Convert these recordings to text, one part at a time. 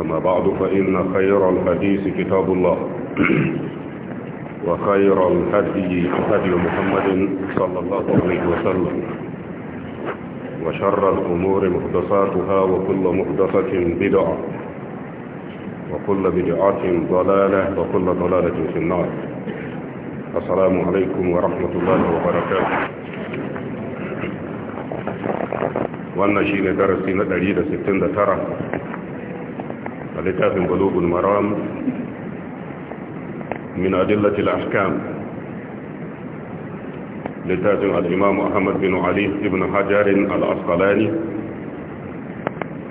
أما بعد فإن خير الحديث كتاب الله وخير الهدي هدي محمد صلى الله عليه وسلم وشر الأمور محدثاتها وكل محدثة بدعة وكل بدعة ضلالة وكل ضلالة في النار السلام عليكم ورحمة الله وبركاته وأنا شيء ne darasi na ترى a littafin balogun maram min adillatil ahkam littafin al'imam ahmad bin ali ibn hajarin al'asqalani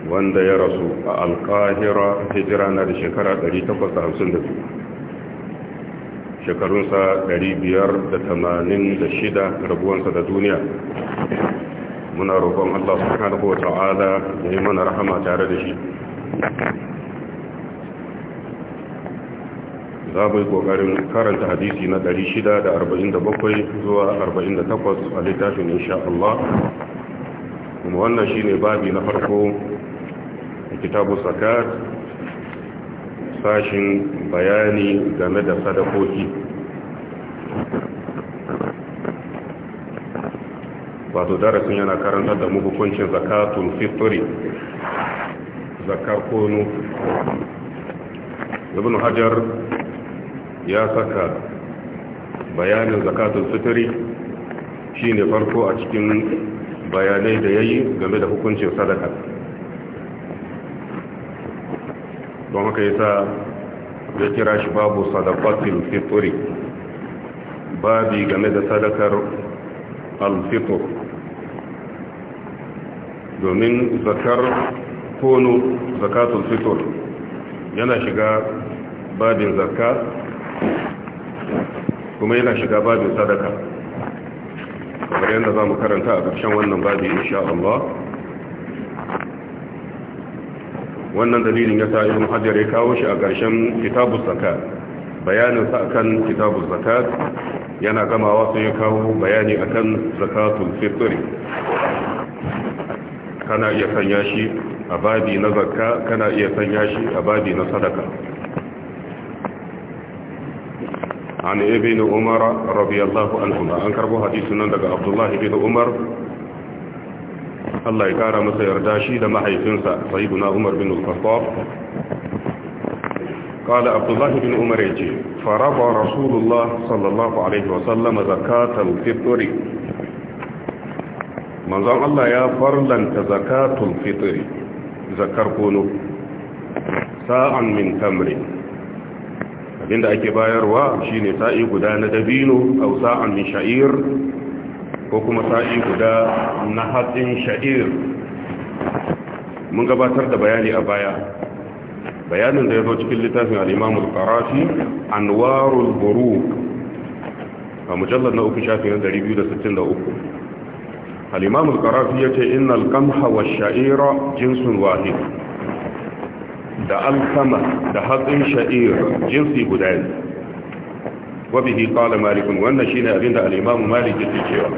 wanda ya rasu a alkahira hijira na da shekara 852 shekarunsa 586 rabuwansa da duniya muna roƙon Allah subhanahu wa ta'ala ya yi mana rahama tare da shi za mu yi kokarin karanta hadisi na 647 zuwa 48 a littafin insha Allah kuma wannan shine babi na farko a kitabu sakat sashin bayani game da sadakoki wato darasin yana karanta da mu hukuncin fitri zakar kono ibn hajar ya saka bayanin zakatun shi shine farko a cikin bayanai da ya yi game da hukuncin sadaka don haka yasa ya kira shi babu sadakatul fitri babi game da sadakar alfitur domin zakar kono zakatun fitur yana shiga babin zakka kuma yana shiga babin sadaka kamar yadda za mu karanta a ƙarshen wannan babi insha Allah wannan dalilin ya sa ibn hajjar ya kawo shi a ƙarshen kitabu zakat bayanin sa akan kitabu zakat yana gamawa sun ya kawo bayani akan zakatul fitr kana iya sanya shi a babi na zakka kana iya sanya shi a babi na sadaka عن ابن عمر رضي الله عنهما أنكر حديثنا لك daga الله بن Umar? Allah ya kara masa yarda shi da mahaifinsa sayyiduna Umar bin Al-Khattab qala Abdullah bin Umar yace faraba Rasulullah sallallahu alaihi wasallam zakatul fitr manzon Allah ya farlanta zakatul fitr zakar kono sa'an min tamrin inda ake bayarwa shine sa'i guda na dabino aw sa'an min sha'ir ko kuma sa'i guda na hatsin sha'ir mun gabatar da bayani a baya bayanin da ya zo cikin littafin al-Imam al-Qarafi Anwarul Buruq a mujallar na uku shafi na 263 al-Imam al-Qarafi yace innal qamha wash-sha'ira jinsun wahid da alkama da hatsin sha'ir jinsi guda ne wabihi kala malikun wannan shi ne abinda al'imamu malik yake cewa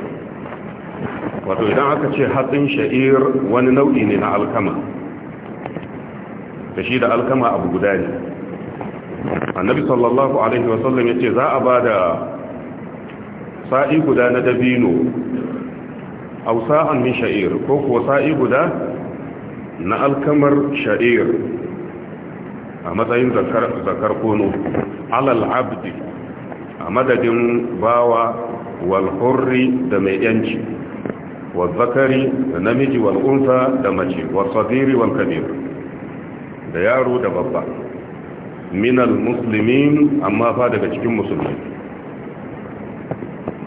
wato idan aka ce hatsin sha'ir wani nau'i ne na alkama da shi da alkama abu guda ne annabi sallallahu alaihi wasallam ya ce za a ba da sa'i guda na dabino au sa'an min sha'ir ko kuwa sa'i guda na alkamar sha'ir a matsayin zakar kono alal abdi a madadin bawa wal hurri da mai yanci wal zakari da namiji wal da mace wal sadiri kabir da yaro da babba minal Musulmin amma fa daga cikin musulmi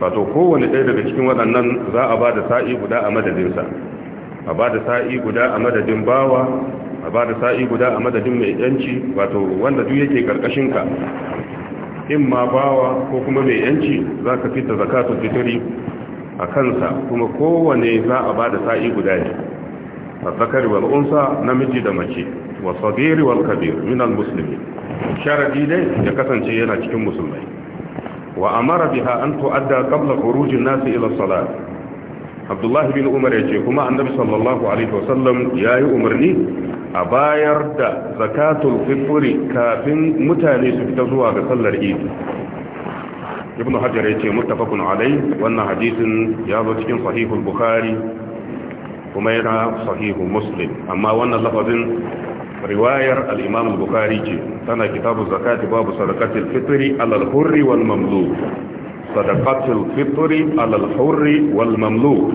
wato kowane ɗaya daga cikin waɗannan za a ba da sa'i guda a madadinsa a ba da sa'i guda a madadin bawa a ba da sa'i guda a madadin mai yanci wato wanda duk yake karkashinka in ma bawa ko kuma mai yanci za ka fita zakatun fitiri a kansa kuma kowane za a ba da sa'i guda ne a zakari wal unsa namiji da mace wa sagiri wal kabir musulmi sharaɗi dai ya kasance yana cikin musulmai wa amara biha an tu'adda qabla kurujin nasi ila salat abdullahi bin umar ya ce kuma annabi sallallahu alaihi wasallam ya yi umarni a bayar da zakatul fitri kafin mutane su fita zuwa ga sallar id ibn hajar ya ce muttafaqun alai wannan hadisin ya zo cikin sahihul bukhari kuma yana sahihu muslim amma wannan lafazin riwayar al-imam al-bukhari ce tana kitabu zakati babu sadaqatil fitri a hurri wal mamluk sadaqatul fitri alal hurri wal mamlu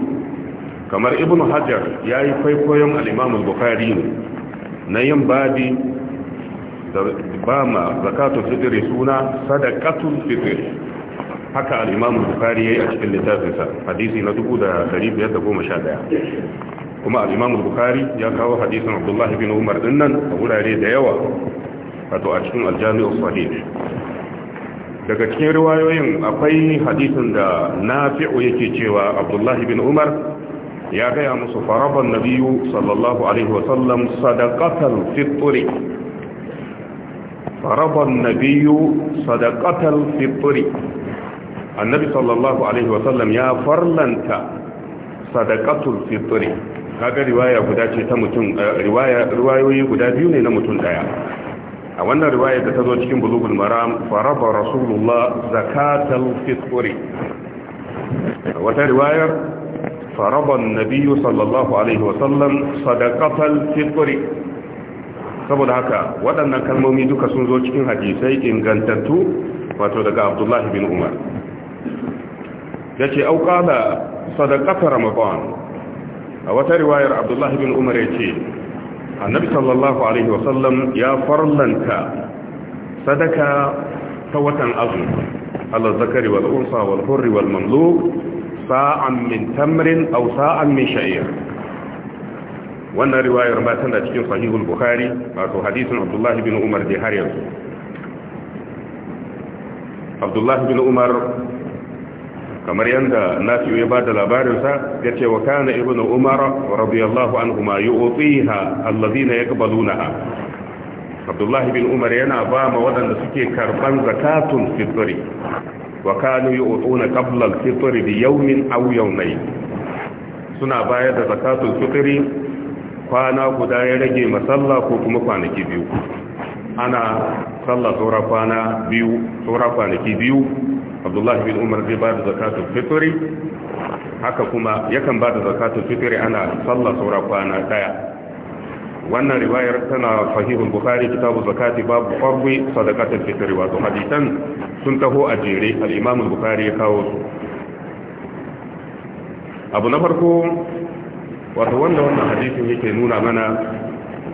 kamar ibnu hajar yi kwaikwayon al bukhari ne na yin babi da ba ma zakatul fitri suna sadaqatul fitri haka al-imam al-bukhari yayi a cikin littafinsa hadisi na 1511 kuma al'imam bukari ya kawo hadisun abdullahi bin umar dinnan a wurare da yawa wato a cikin aljami'ar sahih daga cikin riwayoyin akwai hadisin da nafi'u yake cewa abdullahi bin umar ya gaya musu faraban nabiyu sallallahu alaihi wasallam faraban annabi sallallahu alaihi wasallam ya farlanta sadakatar fitri kaga riwaya guda ce ta mutum eh, riwayoyi guda biyu ne na mutum daya a wannan riwaya da ta zo cikin bulugul maram faraba rasulullah zakatal fitri a wata riwayar faraba nabiyu sallallahu alaihi wasallam sadaqatal fitri saboda haka waɗannan kalmomi duka sun zo cikin hadisai ingantattu wato daga abdullahi bin umar ya ce auƙala sadaqata ramadan a wata riwayar abdullahi bin umar ya ce annabi sallallahu alaihi wasallam ya farlanta sadaka ta watan azumi ala zakari wal unsa wal hurri wal mamluk sa'an min tamrin aw sa'an min sha'ir wannan riwayar ba tana cikin sahihul bukhari wato hadisin abdullah bin umar da har yanzu abdullah bin umar kamar yadda nafi'u ya da labarin sa yace wa kana ibnu umar radiyallahu anhu ma yu'tiha alladhina yaqbalunaha abdullah bin umar yana ba ma wadanda suke karban zakatun fitri wa kanu yu'tuna qabla al-fitri bi yawmin aw yawmayn suna bayar da zakatun fitri kwana guda ya rage masalla ko kuma kwanaki biyu ana sallah saura kwana biyu kwanaki biyu abdullahi bin umar zai ba da zakatun fitiri. haka kuma yakan ba da zakatun fitiri ana sallah saura kwana daya wannan riwayar tana sahihul bukhari kitabu zakati babu farwi sadakatun fitiri. wato hadisan sun taho a jere al-imam bukhari ya kawo su abu na farko wato wanda wannan hadisin yake nuna mana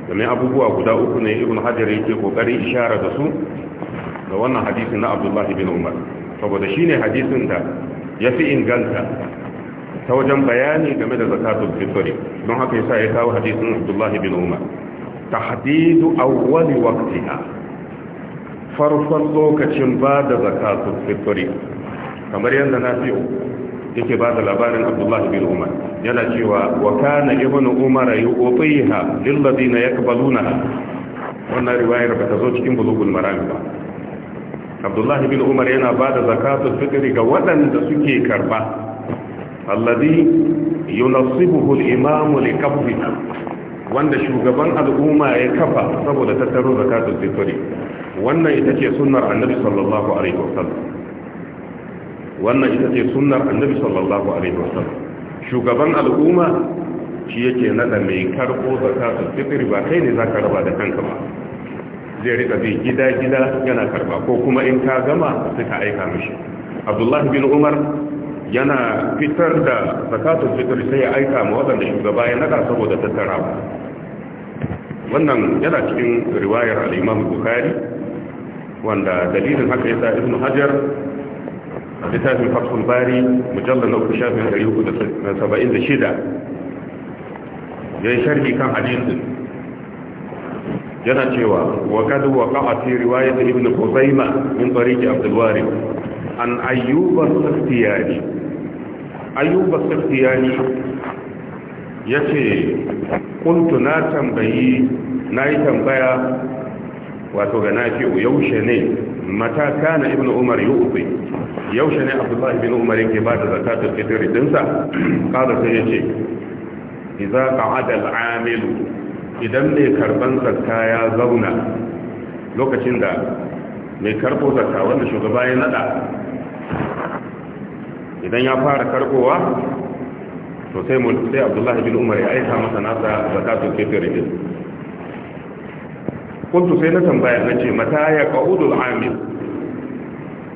domin abubuwa guda uku ne ibn hajar yake kokari ishara da su da wannan hadisin na abdullahi bin umar saboda shi ne hadisin da ya fi inganta ta wajen bayani game da zakatun fitori don haka yasa ya kawo hadisin abdullahi bin umar tahdidu awwal a farfan lokacin ba da zakatun fitori kamar yadda na fi yake ba da labarin abdullah bin umar yana cewa wa kana ibnu umar yu'tiha lil ladina yaqbaluna wannan riwayar ba ta zo cikin bulugul marami ba abdullah bin umar yana ba da zakatul fitri ga waɗanda suke karba alladhi yunasibuhu al-imam li qabdiha wanda shugaban al'umma ya kafa saboda tattaro zakatul fitri wannan ita ce sunnar annabi sallallahu alaihi wasallam wannan ita ce sunnar annabi sallallahu alaihi wasallam shugaban al'umma shi yake nada mai karbo zakatul fitr ba kai ne zaka raba da kanka ba zai rika bi gida gida yana karba ko kuma in ka gama sai ka aika mishi abdullahi bin umar yana fitar da zakatul fitr sai ya aika ma wanda shugaba ya nada saboda tattara wannan yana cikin riwayar al-imam bukhari wanda dalilin haka ya sa ibnu hajar a littafin fatul bari mujallar na uku shafin ɗari uku da saba'in da shida ya yi sharhi kan hadisin yana cewa wa kadu wa qa'ati riwayat ibn Khuzaimah min tariqi Abdul Warith an Ayyub as-Saftiyani Ayyub as-Saftiyani yace kuntu na tambayi nayi tambaya wato ga nafi'u yaushe ne mata kana ibn Umar yu'ti yaushe ne abdullahi bin umar yake ba da zakatul fitr dinsa kada sai yace idza qa'ada al-amil idan mai karban zakka ya zauna lokacin da mai karbo zakka wanda shugaba ya nada idan ya fara karbowa to sai mu sai abdullahi bin umar ya aika masa nasa zakatul fitr din kuntu sai na tambaya nace mata ya qa'udul amil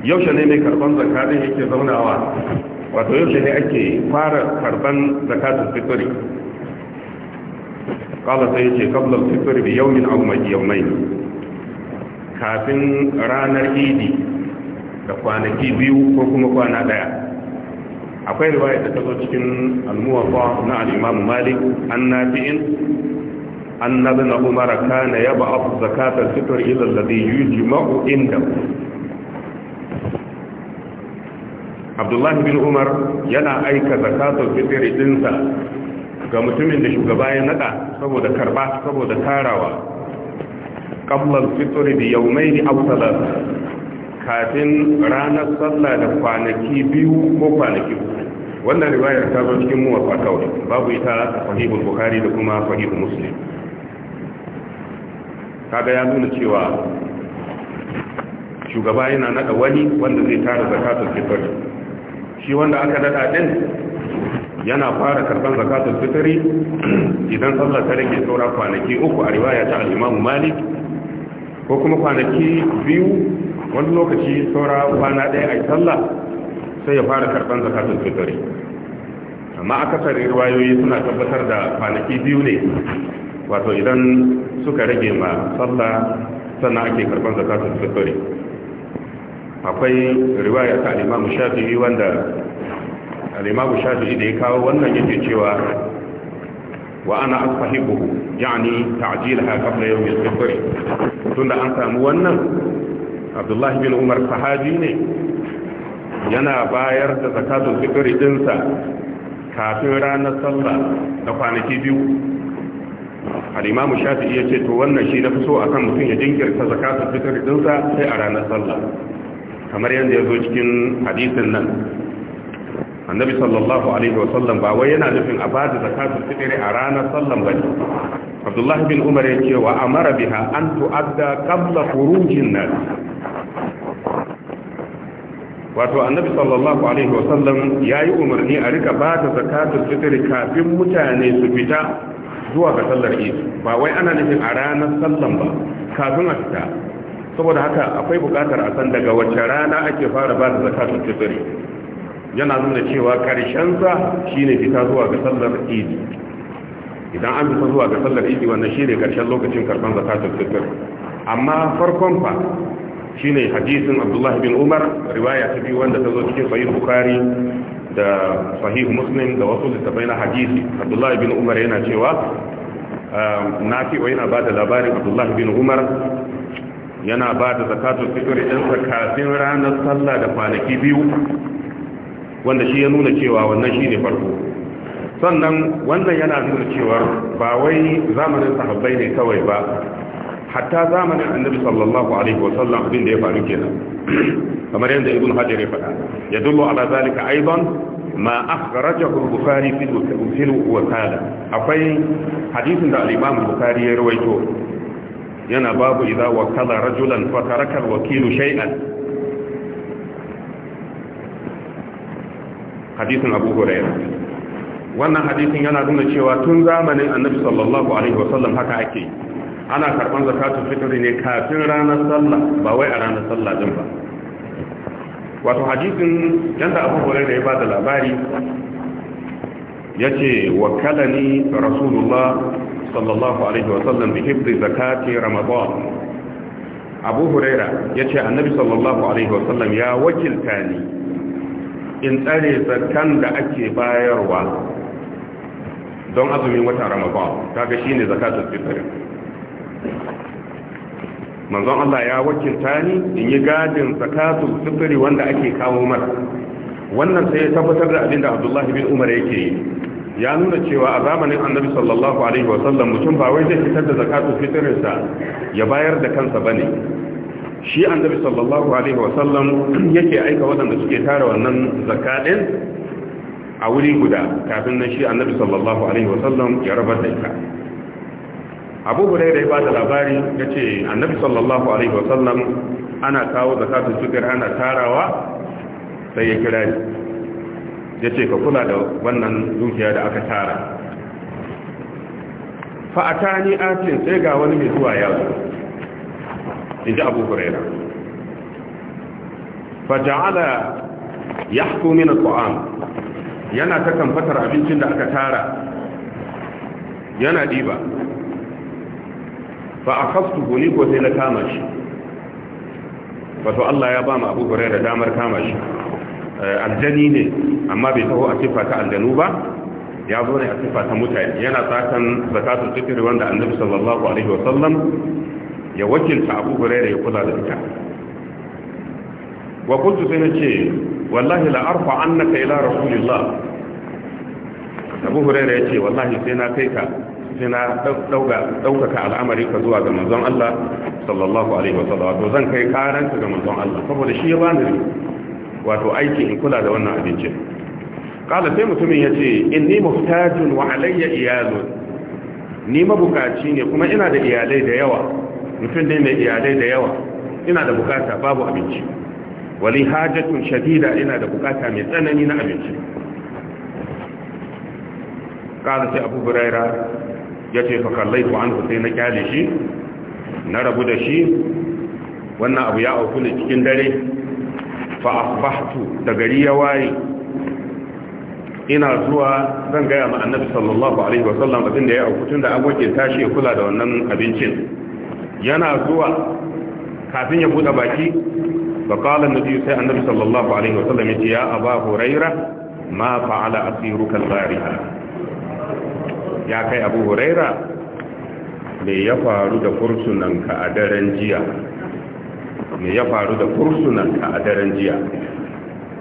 yaushe ne mai karban zakka din yake zaunawa wato yaushe ne ake fara karban zakatul fitri Kala sai yace qabla al-fitr bi yawmin aw yawmayn kafin ranar idi da kwanaki biyu ko kuma kwana daya akwai riwaya da ta zo cikin al-muwatta na al-imam malik annabi'in annabi na umara kana yab'ath zakatul fitr ila alladhi yujma'u indahu abdullahi bin umar yana aika zakatul fitr dinsa ga mutumin da shugaba ya nada saboda karba saboda tarawa qabla fitr bi yawmayn aw thalath kafin ranar sallah da kwanaki biyu ko kwanaki wannan riwayar ta zo cikin muwafa kawai babu ita sahihul bukhari da kuma sahih muslim kaga ya nuna cewa shugaba yana nada wani wanda zai tara zakatul fitr shi wanda aka daɗa ɗin yana fara karban zakatun fitri idan sallah ta rage saura kwanaki uku a riwaya ta al-Imam Malik ko kuma kwanaki biyu wani lokaci saura kwana ɗaya a sallah sai ya fara karban zakatun fitri amma akasarin riwayoyi suna tabbatar da kwanaki biyu ne wato idan suka rage ma sallah sannan ake karban zakatun fitri akwai riwaya ta Alimamu Shafi'i wanda Shafi'i da ya kawo wannan yake cewa wa ana asfahibuhu yani ta'jilaha qabla yawm al-fitr tunda an samu wannan Abdullahi bin Umar sahabi ne yana bayar da zakatun fitr dinsa kafin ranar sallah da kwanaki biyu al'imamu shafi'i ya ce to wannan shi na fi so a kan mutum ya jinkirta zakatun fitar dinsa sai a ranar sallah kamar yadda ya zo cikin hadisin nan annabi sallallahu alaihi wasallam ba wai yana nufin a ba da zakatul fitiri a ranar sallan bane abdullahi bin umar ya ce wa amara biha an tu'adda qabla khurujin nas wato annabi sallallahu alaihi wasallam yayi umarni a rika ba da zakatul fitri kafin mutane su fita zuwa ga sallar Eid ba wai ana nufin a ranar sallan ba kafin a fita saboda haka akwai bukatar a san daga wacce rana ake fara ba da zakatun fitri yana nuna cewa karshen sa shine fita zuwa ga sallar idi idan an fita zuwa ga sallar idi wannan shine karshen lokacin karban zakatun fitri amma farkon fa shine hadisin Abdullah bin Umar riwaya ta biyu wanda ta zo cikin sahih Bukhari da sahih Muslim da wasu da na hadisi Abdullah bin Umar yana cewa wa yana bada labarin Abdullah bin Umar yana ba da zakatun fitri ɗinsa kafin ranar sallah da kwanaki biyu wanda shi ya nuna cewa wannan shi ne farko sannan wannan yana nuna cewa ba wai zamanin sahabbai ne kawai ba hatta zamanin annabi sallallahu alaihi wa sallam abin da ya faru kenan kamar yadda ibn hajar ya faɗa ya dullo ala zalika aidan ma akhrajahu al-bukhari fi al-wasala akwai hadisin da al-imam bukhari ya rawaito yana babu wa wakala rajulan fa wakilu shay'an hadisin Abu Hurairah wannan hadisin yana nuna cewa tun zamanin Annabi sallallahu alaihi wasallam haka ake ana karban zakatun fitri ne kafin ranar sallah ba wai a ranar sallah din ba wato hadisin yanda abu hurairu ya bada labari yace wakalani rasulullah sallallahu alaihi wasallam bi hifzi zakati ramadan abu huraira yace annabi sallallahu alaihi wasallam ya wakilta ni in tsare zakan da ake bayarwa don azumin watan ramadan kaga shine zakatul fitr manzon Allah ya wakilta ni in yi gadin zakatul fitr wanda ake kawo mara wannan sai ya tabbatar da abinda da Abdullah bin Umar yake yi ya nuna cewa a zamanin annabi sallallahu alaihi wasallam mutum ba wai zai fitar da zakatu fitrinsa ya bayar da kansa bane shi annabi sallallahu alaihi wasallam yake aika waɗanda suke tara wannan zakadin a wuri guda kafin nan shi annabi sallallahu alaihi wasallam ya rabar da ita abu hurairah ya ba da labari yace annabi sallallahu alaihi wasallam ana kawo zakatu fitr ana tarawa sai ya kira ya ce ka kula da wannan dukiya da aka tara fa'ata ni atin sai ga wani mai zuwa ya zo in ji abu huraira faja'ala ya hukumi na ƙwa'am yana ta kamfatar abincin da aka tara yana diba fa a kaftu guni ko sai na kama shi wato Allah ya ba mu abu huraira damar kama shi Eh, aljani ne amma bai taho a siffa ta aljanu ba ya zo ne a siffa ta mutane yana tsakan zakatu fitr wanda annabi sallallahu alaihi wasallam ya wakilta abu hurairah ya kula da ita wa kuntu sai nace wallahi la arfa annaka ila rasulillah abu hurairah yace wallahi sai na kai ka sai na ɗaukaka al'amari ka zuwa ga manzon Allah sallallahu alaihi wasallam to zan kai karanta ga manzon Allah saboda shi ya bani wato aiki in kula da wannan abincin kala sai mutumin ya ce in ni muftajun wa alayya iyalun ni mabukaci ne kuma ina da iyalai da yawa mutum ne mai iyalai da yawa ina da bukata babu abinci wali hajatun shadida ina da bukata mai tsanani na abinci kala sai abu buraira ya ce fa ku an sai na kyale shi na rabu da shi wannan abu ya auku ne cikin dare fa da gari ya waye ina zuwa zan gaya ma annabi sallallahu alaihi wa sallam abin da ya auku tun da agwake tashi ya kula da wannan abincin yana zuwa kafin ya bude baki fa qala annabi sai annabi sallallahu alaihi wa sallam yace ya aba huraira ma fa'ala asiruka al-bariha ya kai abu huraira me ya faru da fursunanka a daren jiya me ya faru da fursunan a daren jiya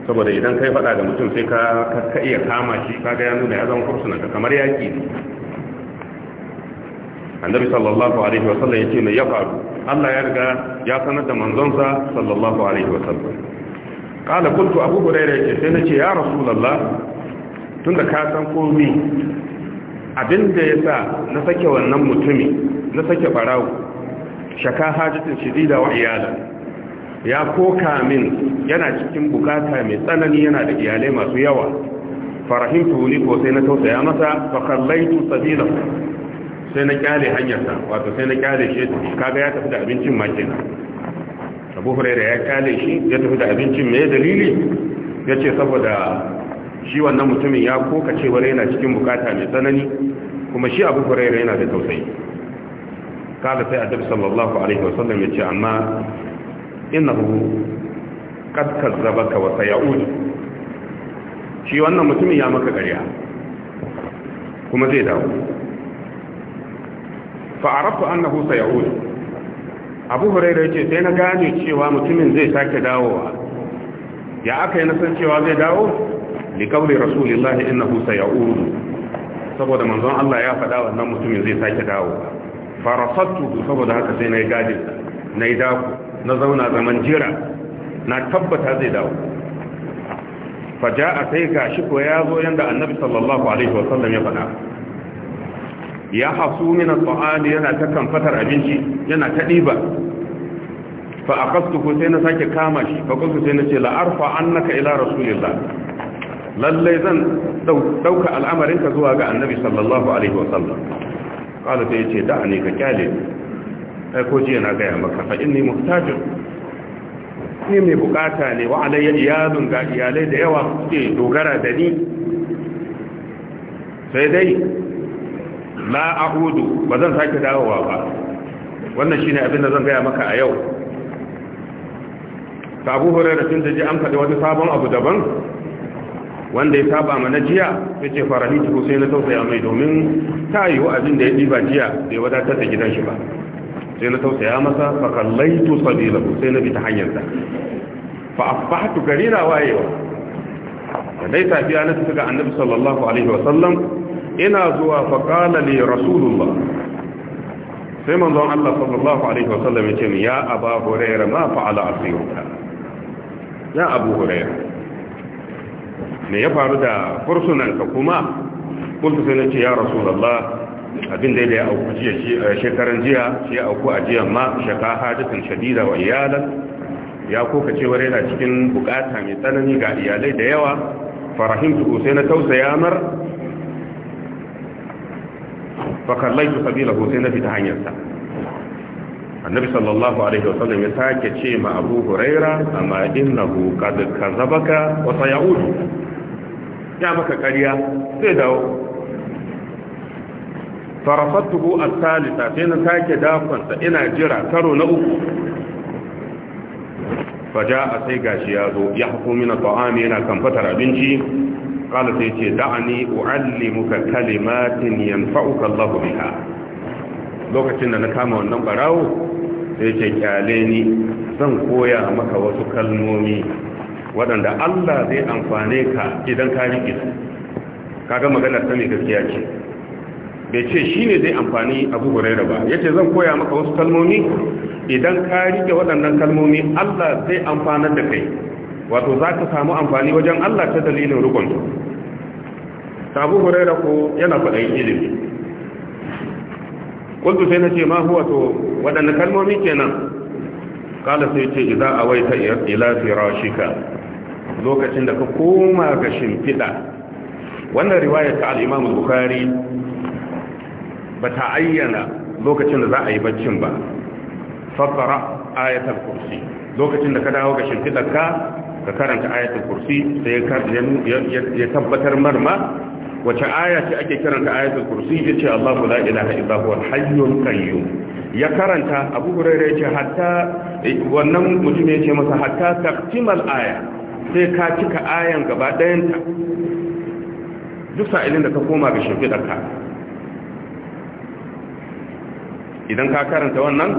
saboda idan kai faɗa da mutum sai ka iya kama shi ka ya nuna ya zama fursunan ka kamar yaƙi annabi sallallahu alaihi wasallam yace me ya faru Allah ya riga ya sanar da manzonsa sallallahu alaihi wasallam kala kuntu abu hurairah yace sai nace ya rasulullah tunda ka san komai abinda yasa na sake wannan mutumi na sake barawo shaka hajatin shidida wa iyalan ya koka min yana cikin bukata mai tsanani yana da iyalai masu yawa farahimtu ni ko sai na tausaya masa fa kallaitu sabila sai na kyale hanyarsa wato sai na kyale shi kaga ya tafi da abincin ma kenan Abu Hurairah ya kyale shi ya tafi da abincin me dalili yace saboda shi wannan mutumin ya koka cewa yana cikin bukata mai tsanani kuma shi Abu Hurairah yana da tausayi kada sai Annabi sallallahu alaihi wasallam yace amma innahu qad kazzabaka wa sayaudu shi wannan mutumin ya maka ƙarya kuma zai dawo fa na annahu sayaudu abu hurairah ce sai na gane cewa mutumin zai sake dawowa ya aka yi na san cewa zai dawo li qawli rasulillahi innahu sayaudu saboda manzon Allah ya faɗa wannan mutumin zai sake dawowa farasattu saboda haka sai na yi gadin na yi dako na zauna zaman jira na tabbata zai dawo faja a sai ga shi ko ya zo yadda annabi sallallahu alaihi wa sallam ya faɗa ya hasu min al-ta'ali yana ta kamfatar abinci yana ta ɗiba fa aqastu ko sai na sake kama shi fa kuntu sai na ce la arfa annaka ila rasulillah lalle zan dauka al'amarin ka zuwa ga annabi sallallahu alaihi wasallam qala sai ya ce da ne ka kyale ni. ai ko jiya na gaya maka fa inni muhtajin ni mai bukata ne wa alayya iyalun ga iyalai da yawa suke dogara da ni sai dai la a'udu ba zan sake dawowa ba wannan shine abin da zan gaya maka a yau ta abu hurairar da ji an faɗi wani sabon abu daban wanda ya saba na jiya ya ce farahitu sai na tausaya mai domin ta yi abin da ya ɗiba jiya da ya wadatar da gidan shi ba sai na tausaya masa fa kallaitu sabilahu sai na bi ta hanyar sa fa asbahtu garira wayewa da dai tafiya na tafi ga annabi sallallahu alaihi wa sallam ina zuwa fa qala li rasulullah sai manzon Allah sallallahu alaihi wa sallam ya ce ya aba hurairah ma fa'ala asiyuka ya abu hurairah me ya faru da fursunanka kuma kulta sai na ce ya rasulallah abin da ya auku jiya eh, shekaran jiya shi ya auku a jiyan ma shaka hadisin shadida wa iyalan ya kuka cewar yana cikin bukata mai tsanani ga iyalai da yawa farahim tuku sai na tausaya mar fakallai su sabila ko sai na fita hanyarsa annabi sallallahu alaihi wasallam ya sake ce ma abu huraira amma innahu qad kazabaka wa sayaudu ya maka ƙarya sai dawo farafatuhu a salisa sai na sake dakonsa ina jira karo na uku a sai gashi ya zo ya hako mina ta'ami yana kan fatar abinci Kala sai ce da'ani u'allimuka kalimatin yanfa'uka Allah biha lokacin da na kama wannan barawo sai ce kyale ni zan koya maka wasu kalmomi waɗanda Allah zai amfane ka idan ka riƙe su kaga maganar ta mai gaskiya ce bai ce shi ne zai amfani abu huraira ba ya ce zan koya maka wasu kalmomi idan ka rike waɗannan kalmomi allah zai amfanar da kai wato za ka samu amfani wajen allah ta dalilin rukunsu abu huraira ko yana faɗin ilimi kuntu sai na ce ma huwa to waɗanne kalmomi kenan kala sai ce idza awaita ila firashika lokacin da ka koma ga shimfiɗa wannan riwaya ta al-imam bukhari ba ta ayyana lokacin da za a yi baccin ba fassara ayatul kursi lokacin da ka dawo ga shimfidarka ka karanta ayatul kursi sai ya tabbatar marma wace aya ce ake karanta ayatul kursi ya ce Allahu la ilaha illa huwa al-hayyul qayyum ya karanta Abu Hurairah yace hatta eh, wannan mutum ya ce masa hatta taqtimal aya sai ka cika ayan gaba dayanta duk sa'ilin da ka koma ga shimfidarka idan ka karanta wannan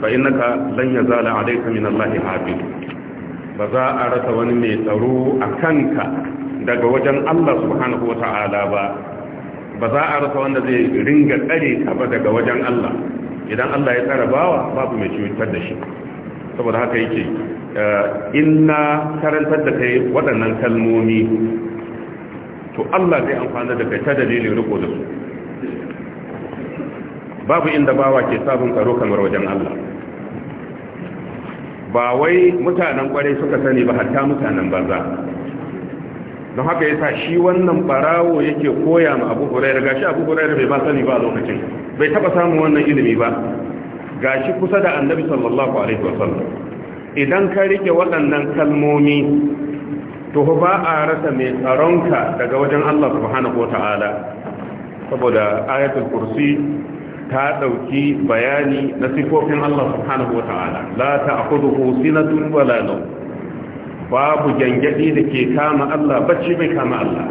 fa innaka lan yazala alayka min allahi habib ba za a rasa wani mai tsaro a ka daga wajen Allah subhanahu wata'ala ba ba za a rasa wanda zai ringa tsare ka ba daga wajen Allah idan Allah ya tsara bawa babu mai cutar da shi saboda haka yake eh, inna karantar da kai waɗannan kalmomi to Allah zai amfana da kai ta dalilin riko da su babu inda bawa ke sabon tsaro kamar wajen Allah ba wai mutanen kwarai suka sani ba hatta mutanen banza don haka yasa shi wannan barawo yake koya ma Abu Hurairah gashi Abu Hurairah bai ba sani ba a lokacin bai taba samun wannan ilimi ba gashi kusa da Annabi sallallahu alaihi wasallam idan ka rike waɗannan kalmomi to ba a rasa mai tsaronka daga wajen Allah subhanahu wataala saboda ayatul kursi ta ɗauki bayani na sifofin Allah subhanahu wataala la ta'khudhuhu tun wala nawm babu gyangyaɗi da ke kama Allah bacci bai kama Allah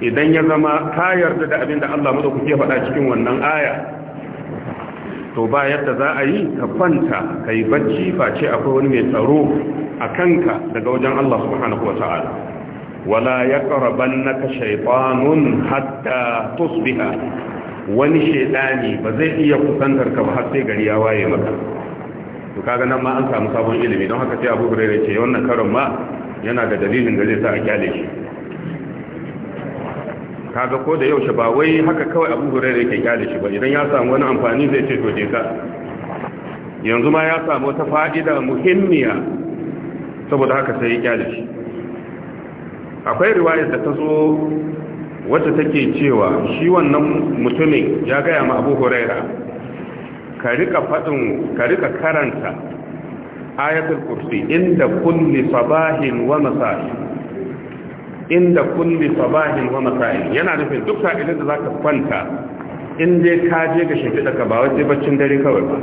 idan ya zama kayar da abin da Allah kuke faɗa cikin wannan aya to ba yadda za a yi ka kwanta ka yi bacci face akwai wani mai tsaro a kanka daga wajen Allah subhanahu wa ta'ala wala ya ƙaraban naka shaifanun hatta tusbiha wani shaidani ba zai iya kusantar ka ba har sai gari ya waye maka to kaga nan ma an samu sabon ilimi don haka sai Abu Hurairah ce wannan karon ma yana da dalilin da zai sa a kyale shi kaga ko da yaushe ba wai haka kawai Abu Hurairah yake kyale shi ba idan ya samu wani amfani zai ce to je ka yanzu ma ya samu wata fa'ida muhimmiya saboda haka sai ya kyale shi akwai riwayar da ta zo wacce take cewa shi wannan mutumin ya gaya ma abu huraira ka rika fadin ka rika karanta ayatul kursi inda kulli sabahin wa masa'i inda kulli sabahin wa masa'i yana nufin duk sa'ilin da zaka kwanta in dai ka je ga shimfiɗa ka ba wajen baccin dare kawai ba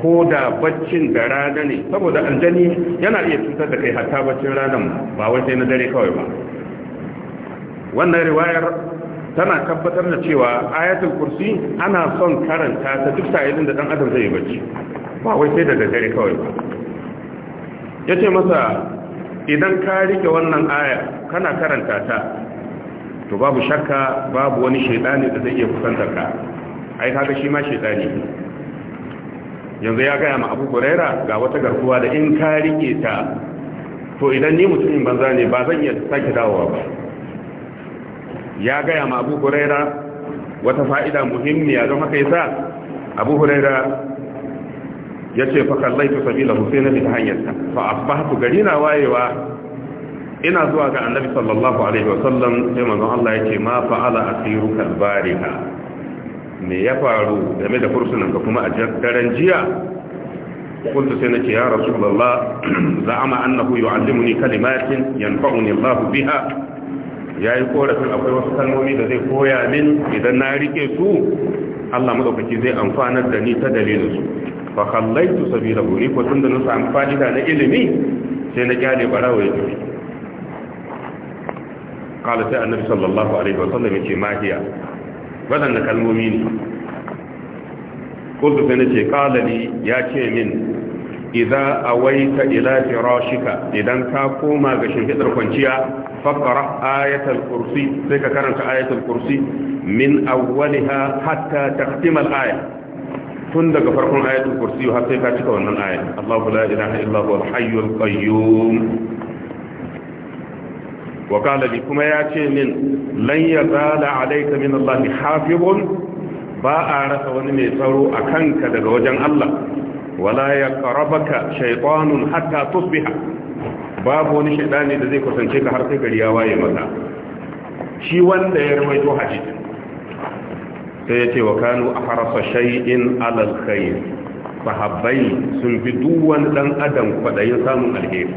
ko da baccin da rana ne saboda aljani yana iya cutar da kai hatta baccin ranar ba wajen na dare kawai ba wannan riwayar tana tabbatar da cewa ayatul kursi ana son karanta ta duk sa'ilin da dan adam zai bacci ba wai sai daga dare kawai ba yace masa idan ka rike wannan aya kana karanta ta to babu shakka babu wani shaytani da zai iya kusantar ka ai kaga shi ma shaytani yanzu ya gaya ma abu huraira ga wata garkuwa da in ka rike ta to idan ni mutumin banza ne ba zan iya sake dawowa ba ya gaya ma abu huraira wata fa'ida muhimmiya don haka sa. abu huraira ya ce fa kallaitu sabila husaina bi hanyarta fa asbahtu na wayewa ina zuwa ga annabi sallallahu alaihi wasallam sai manzon Allah ya ce ma fa'ala asiruka albariha me ya faru game da fursunan ka kuma a daren jiya قلت سنك يا رسول الله زعم أنه يعلمني كلمات ينفعني الله biha.' ya yi korafin akwai wasu kalmomi da zai koya min idan na rike su Allah maɗaukaki zai amfanar da ni ta dalilin su fa kallaitu sabila ni ko tun da na samu fa'ida na ilimi sai na kyale barawa ya tafi qala sai annabi sallallahu alaihi wa sallam yace ma hiya wadannan kalmomi ne kullu sai nace qala li ya ce min idza awaita ila firashika idan ka koma ga shimfidar kwanciya faqra ayatul kursi sai ka karanta ayatul kursi min awwaliha hatta taqtima al-aya tun daga farkon ayatul kursi har sai ka wannan aya Allahu la ilaha illa huwa al-hayyul qayyum wa qala li kuma ya ce min lan yazala min Allah ba a rasa wani mai tsaro a kanka daga wajen Allah wala ya karabaka shaytanun hatta tusbiha babu wani ne da zai kusance ka har sai gari ya waye maka shi wanda ya rawaito Haji. sai ya ce wa kanu a harasa shay'in alal khair sahabbai sun fi duwan wani dan adam kwadayin samun alheri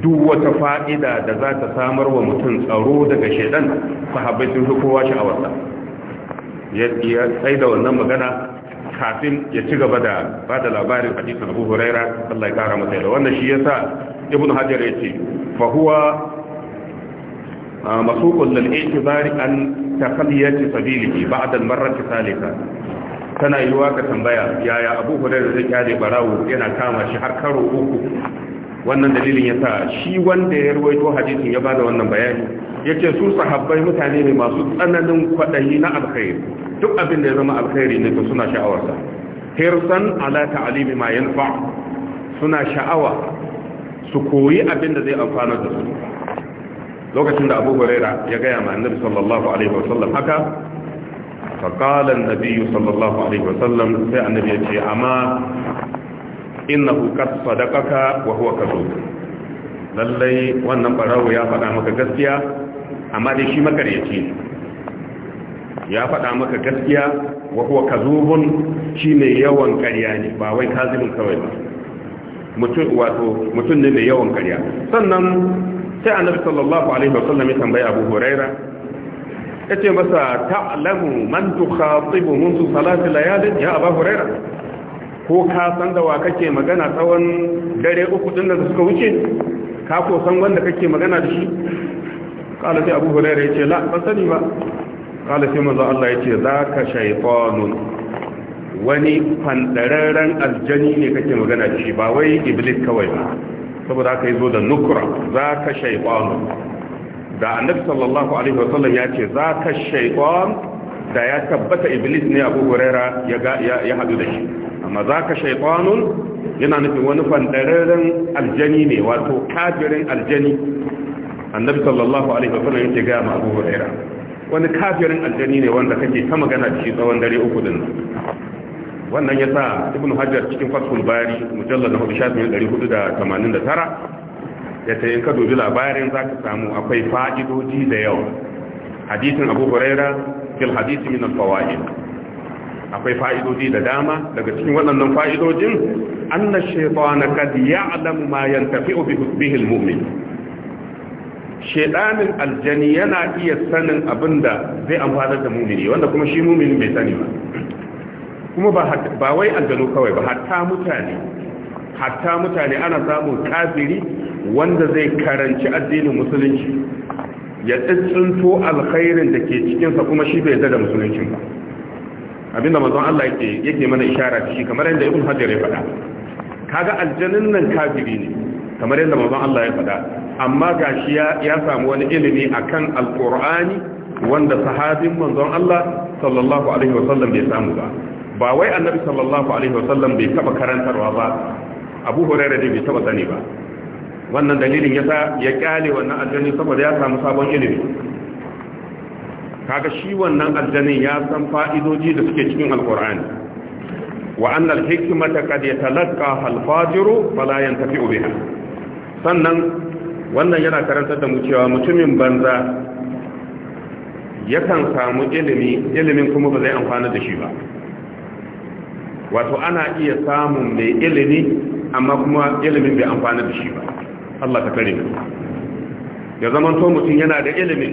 duk wata fa'ida da za ta samar wa mutum tsaro daga shaidan sahabbai sun fi kowa Yadda ya tsaye da wannan magana kafin ya ci gaba da ba da labarin hadisin abu huraira Allah ya kara masa da wannan shi yasa ibnu hajar ya ce fa huwa ah, masuqul lil i'tibari an taqliyati sabilihi ba'da al-marrati thalitha tana yiwa ka tambaya yaya abu huraira zai kyale barawo yana kama shi har karo uku wannan dalilin yasa shi wanda ya rawaito hadisin ya bada wannan bayani ce su sahabbai mutane ne masu tsananin kwaɗayi na alkhairi duk abin da ya zama alkhairi ne to suna sha'awarsa hirsan ala ta'alimi ma yanfa suna sha'awa su koyi abin da zai amfana da su lokacin da Abu Huraira ya gaya ma Annabi sallallahu alaihi wasallam haka fa qala an-nabi sallallahu alaihi wasallam sai annabi ya ce amma innahu qad sadaqaka wa huwa kadhub lallai wannan barawo ya faɗa maka gaskiya amma dai shi makaryaci ne ya faɗa maka gaskiya wa ka zubun shi mai yawan ƙarya ne ba wai kazibin kawai ba mutum ne mai yawan ƙarya sannan sai annabi sallallahu alaihi wa sallam ya tambayi Abu Huraira ce masa ta'alamu man mun su salati layalin ya Abu Huraira ko ka san da wa kake magana tsawon dare uku din da suka wuce ka ko san wanda kake magana da shi qala sai Abu Huraira ce la ban sani ba kala sai manzo Allah za ka shaytanun wani fandararren aljani ne kake magana da shi ba wai iblis kawai ba saboda haka zo da za ka shaytanun da annabi sallallahu alaihi wasallam za ka shaytan da ya tabbata iblis ne abu huraira ya haɗu da shi amma zaka shaytanun yana nufin wani fandararren aljani ne wato kajirin aljani annabi sallallahu alaihi wasallam gaya ma abu huraira wani kafirin aljani ne wanda kake ta magana da shi tsawon dare uku din wannan ya sa ibn hajjar cikin fasul bari mujallar na hudu shafin ya ce in ka dubi labarin za ka samu akwai fa'idoji da yawa hadisin abu huraira fil hadisi min akwai fa'idoji da dama daga cikin waɗannan fa'idojin anna shaytan kad ya'lamu ma yantafi'u bihi al-mu'min shedanin aljani yana iya sanin abin da zai amfanar da mumini wanda kuma shi mumini bai sani ba kuma ba wai aljanu kawai ba hatta mutane hatta mutane ana samun kafiri wanda zai karanci addinin musulunci ya tsintsinto alkhairin da ke cikinsa kuma shi bai da musulunci ba abinda mazan Allah yake mana ishara shi kamar yadda ibn hajar ya faɗa kaga aljanin nan kafiri ne kamar yadda manzon Allah ya faɗa amma gashi ya samu wani ilimi akan alqur'ani wanda sahabin manzon Allah sallallahu alaihi wasallam bai samu ba ba wai annabi sallallahu alaihi wasallam bai taba karantarwa ba abu hurairah bai taba sani ba wannan dalilin yasa ya kyale wannan aljani saboda ya samu sabon ilimi kaga shi wannan aljanin ya san fa'idoji da suke cikin alqur'ani وأن الحكمة قد يتلقى الفاجر فلا ينتفع بها sannan wannan yana karantar da mu cewa mutumin banza yakan samu ilimi ilimin kuma ba zai amfana da shi ba wato ana iya samun mai ilimi amma kuma ilimin bai amfana da shi ba Allah ka kare ya zaman to mutum yana da ilimi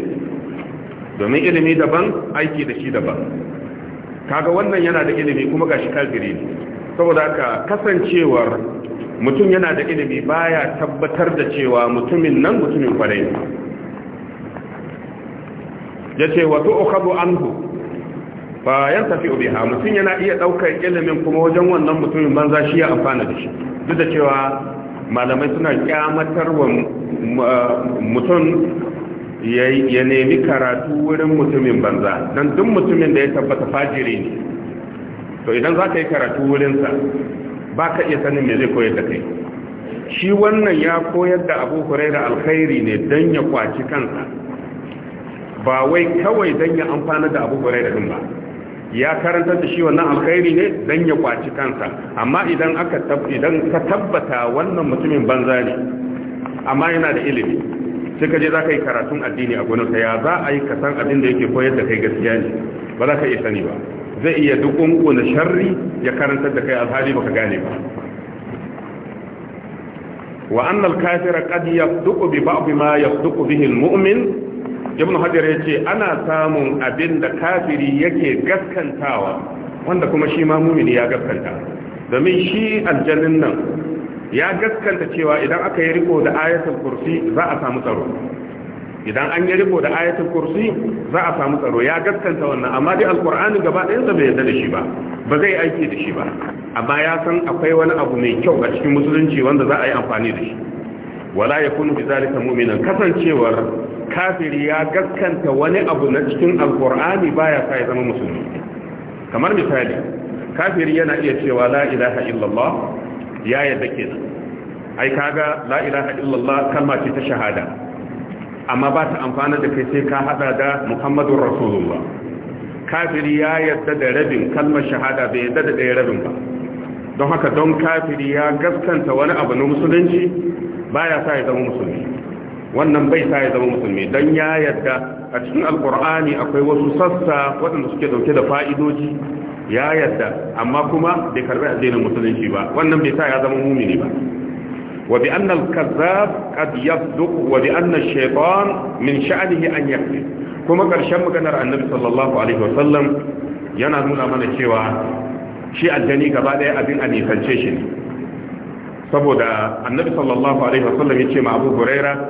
domin ilimi daban aiki da shi daban kaga wannan yana da ilimi kuma gashi kafiri ne saboda ka kasancewar mutum yana da ilimi baya tabbatar da cewa mutumin nan mutumin kwarai ne ya ce wato ukhadu anhu fa yantafi biha mutum yana iya daukar ilimin kuma wajen wannan mutumin banza shi ya amfana da shi duk da cewa malamai suna kyamatar wa mutum ya nemi karatu wurin mutumin banza don duk mutumin da ya tabbata fajiri ne to idan za ka yi karatu wurinsa ba ka iya sanin me zai koyar da kai shi wannan ya koyar da abu da alkhairi ne don ya kwaci kansa ba wai kawai don ya amfana da abu da din ba ya karanta da shi wannan alkhairi ne don ya kwaci kansa amma idan aka idan ka tabbata wannan mutumin banza ne amma yana da ilimi sai ka za ka yi karatun addini a gwaninsa ya za a yi kasan abin da yake koyar da kai gaskiya ne ba za ka iya sani ba zai iya dukunku na sharri ya karantar da kai alhali baka gane ba wa annal kafira qad yafduqu bi ba'd ma yafduqu bihi almu'min ibn hajar yace ana samun abinda kafiri yake gaskantawa wanda kuma shi ma mu'mini ya gaskanta domin shi aljannin nan ya gaskanta cewa idan aka yi riko da ayatul kursi za a samu tsaro idan an yi riko da ayatul kursi za a samu tsaro ya gaskanta wannan amma dai alqur'ani gaba ɗayansa bai yarda da shi ba ba zai aiki da shi ba amma ya san akwai wani abu mai kyau a cikin musulunci wanda za a yi amfani da shi wala yakunu bi zalika mu'minan kasancewar kafiri ya gaskanta wani abu na cikin alqur'ani baya sa ya zama musulmi kamar misali kafiri yana iya cewa la ilaha illallah ya yadda kenan ai kaga la ilaha illallah kalma ce ta shahada amma ba ta amfana da kai sai ka hada da muhammadun ba kafiri ya yadda da rabin kalmar shahada bai yadda da ɗaya rabin ba don haka don kafiri ya gaskanta wani abu na musulunci ya sa ya zama musulmi wannan bai sa ya zama musulmi don ya yadda a cikin alkur'ani akwai wasu sassa waɗanda suke dauke da fa'idoji ya yadda amma kuma bai karɓi addinin musulunci ba wannan bai sa ya zama mumini ba وبأن الكذاب duk يصدق وبأن الشيطان من شأنه أن يكذب كما قال شم قدر النبي صلى الله عليه yana nuna mana cewa shi aljani gaba daya abin a nisance shi ne saboda annabi sallallahu alaihi wasallam ya ce ma abu huraira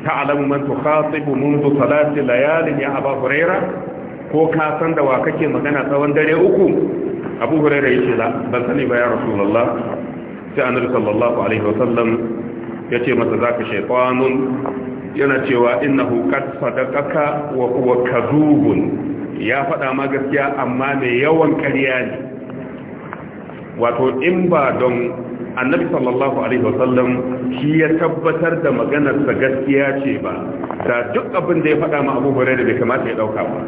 ta'lamu man tukhatibu منذ salati layalin ya abu huraira ko ka san da wa kake magana tsawon dare uku abu huraira yace da ban sani ba ya rasulullah sai annabi sallallahu alaihi wasallam yace masa zaka shaytanun yana cewa innahu qad sadaqaka wa huwa kadhubun ya faɗa ma gaskiya amma mai yawan karya ne wato in ba don annabi sallallahu alaihi wasallam shi ya tabbatar da maganarsa gaskiya ce ba da duk abin da ya faɗa ma abu da bai kamata ya ɗauka ba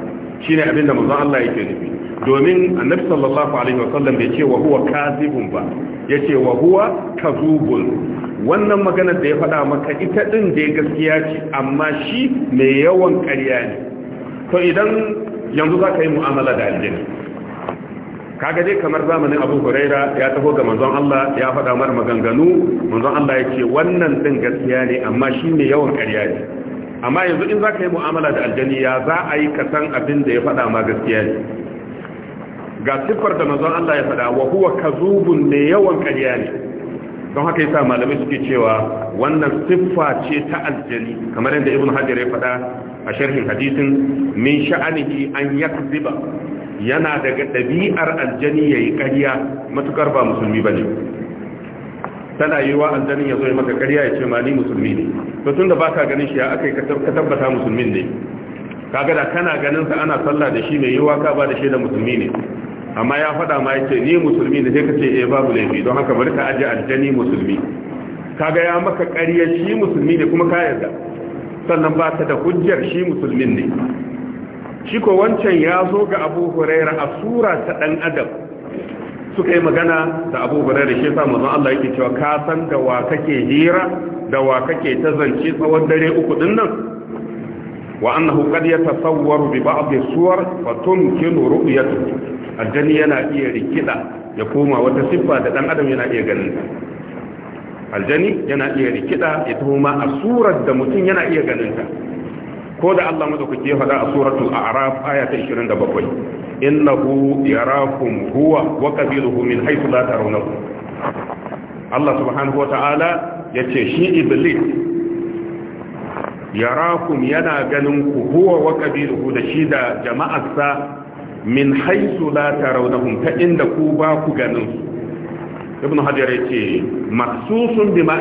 shi ne abin da manzon Allah yake nufi domin annabi sallallahu alaihi wasallam bai ce wa huwa kazibun ba yace wa huwa kazubun wannan magana da ya faɗa maka ita din da gaskiya ce amma shi mai yawan ƙarya ne to idan yanzu zaka yi mu'amala da aljini kaga dai kamar zamanin Abu Huraira ya taho ga manzon Allah ya faɗa mar maganganu manzon Allah yace wannan din gaskiya ne amma shi mai yawan ƙarya ne amma yanzu in zaka yi mu'amala da aljini ya za a yi kasan abin da ya faɗa ma gaskiya ne ga siffar da mazan Allah ya faɗa wa huwa kazubun ne yawan ƙarya ne don haka yasa malamai suke cewa wannan siffa ce ta aljani kamar yadda ibn hajar ya faɗa a sharhin hadisin min sha'aniki an yakziba yana daga ɗabi'ar aljani yayi ƙarya matukar ba musulmi bane tana yi wa aljanin ya zo maka ƙarya ya ce ma ni musulmi ne to tun da baka ganin shi ya aka yi ka tabbata musulmin ne kaga da kana ganin sa ana sallah da shi mai yiwa ka ba da shi da musulmi ne amma ya faɗa ma yake ni musulmi ne sai ka ce eh babu laifi don haka bari ka aje aljani musulmi kaga ya maka ƙarya shi musulmi ne kuma ka yarda sannan ba ta da hujjar shi musulmin ne shi ko wancan ya zo ga abu huraira a sura ta ɗan adam suka yi magana da abu huraira shi sa mazan Allah yake cewa ka san da wa kake hira da wa kake ta zance tsawon dare uku din nan wa annahu qad yatasawwaru bi ba'd suwar fa tumkinu ru'yatuhu aljani yana iya rikida ya koma wata siffa da dan adam yana iya ganin ta aljani yana iya rikida ya taho ma a surar da mutum yana iya ganin ta ko da Allah madaukaki ya faɗa a suratul a'raf aya ta 27 innahu yarakum huwa wa qabiluhu min haythu la tarawnahu Allah subhanahu wa ta'ala yace shi iblis yarakum yana ganin ku huwa wa qabiluhu da shi da jama'arsa min haisu la tarawnahum ta inda ku ba ku ganin su ibn hajar yace mahsusun bima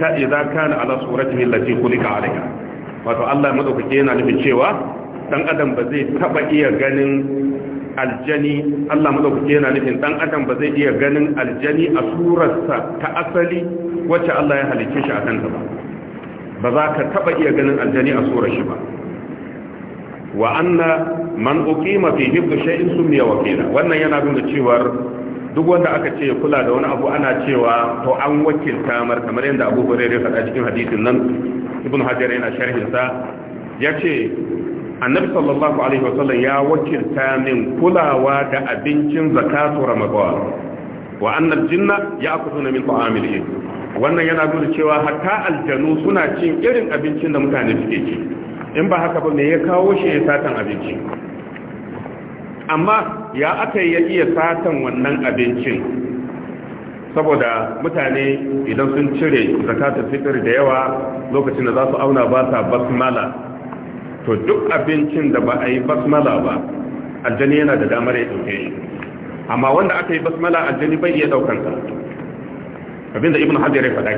ka idza kana ala suratihi allati khuliqa alayha wato Allah ya madaukake yana nufin cewa dan adam ba zai taba iya ganin aljani Allah madaukake yana nufin dan adam ba zai iya ganin aljani a surarsa ta asali wacce Allah ya halicce shi a kanta ba ba za ka taba iya ganin aljani a surar shi ba wa anna man uqima fi hibbi shay'in sumiya wakila wannan yana nuna cewa duk wanda aka ce ya kula da wani abu ana cewa to an wakilta mar kamar yadda Abu Hurairah faɗa cikin hadisin nan Ibn Hajar yana sharhin sa yace Annabi sallallahu alaihi wasallam ya wakilta min kulawa da abincin zakatu Ramadan wa al jinna ya'kuluna min ta'amil wannan yana nuna cewa hatta aljanu suna cin irin abincin da mutane suke ci in ba haka ba me ya kawo shi ya satan abinci amma ya aka ya iya satan wannan abincin saboda mutane idan sun cire zakatul fitar da yawa lokacin da za su auna ba sa basmala to duk abincin da ba a yi basmala ba aljani yana da damar ya dauke shi amma wanda aka yi basmala aljani bai iya daukan sa abinda ibn hajar ya faɗa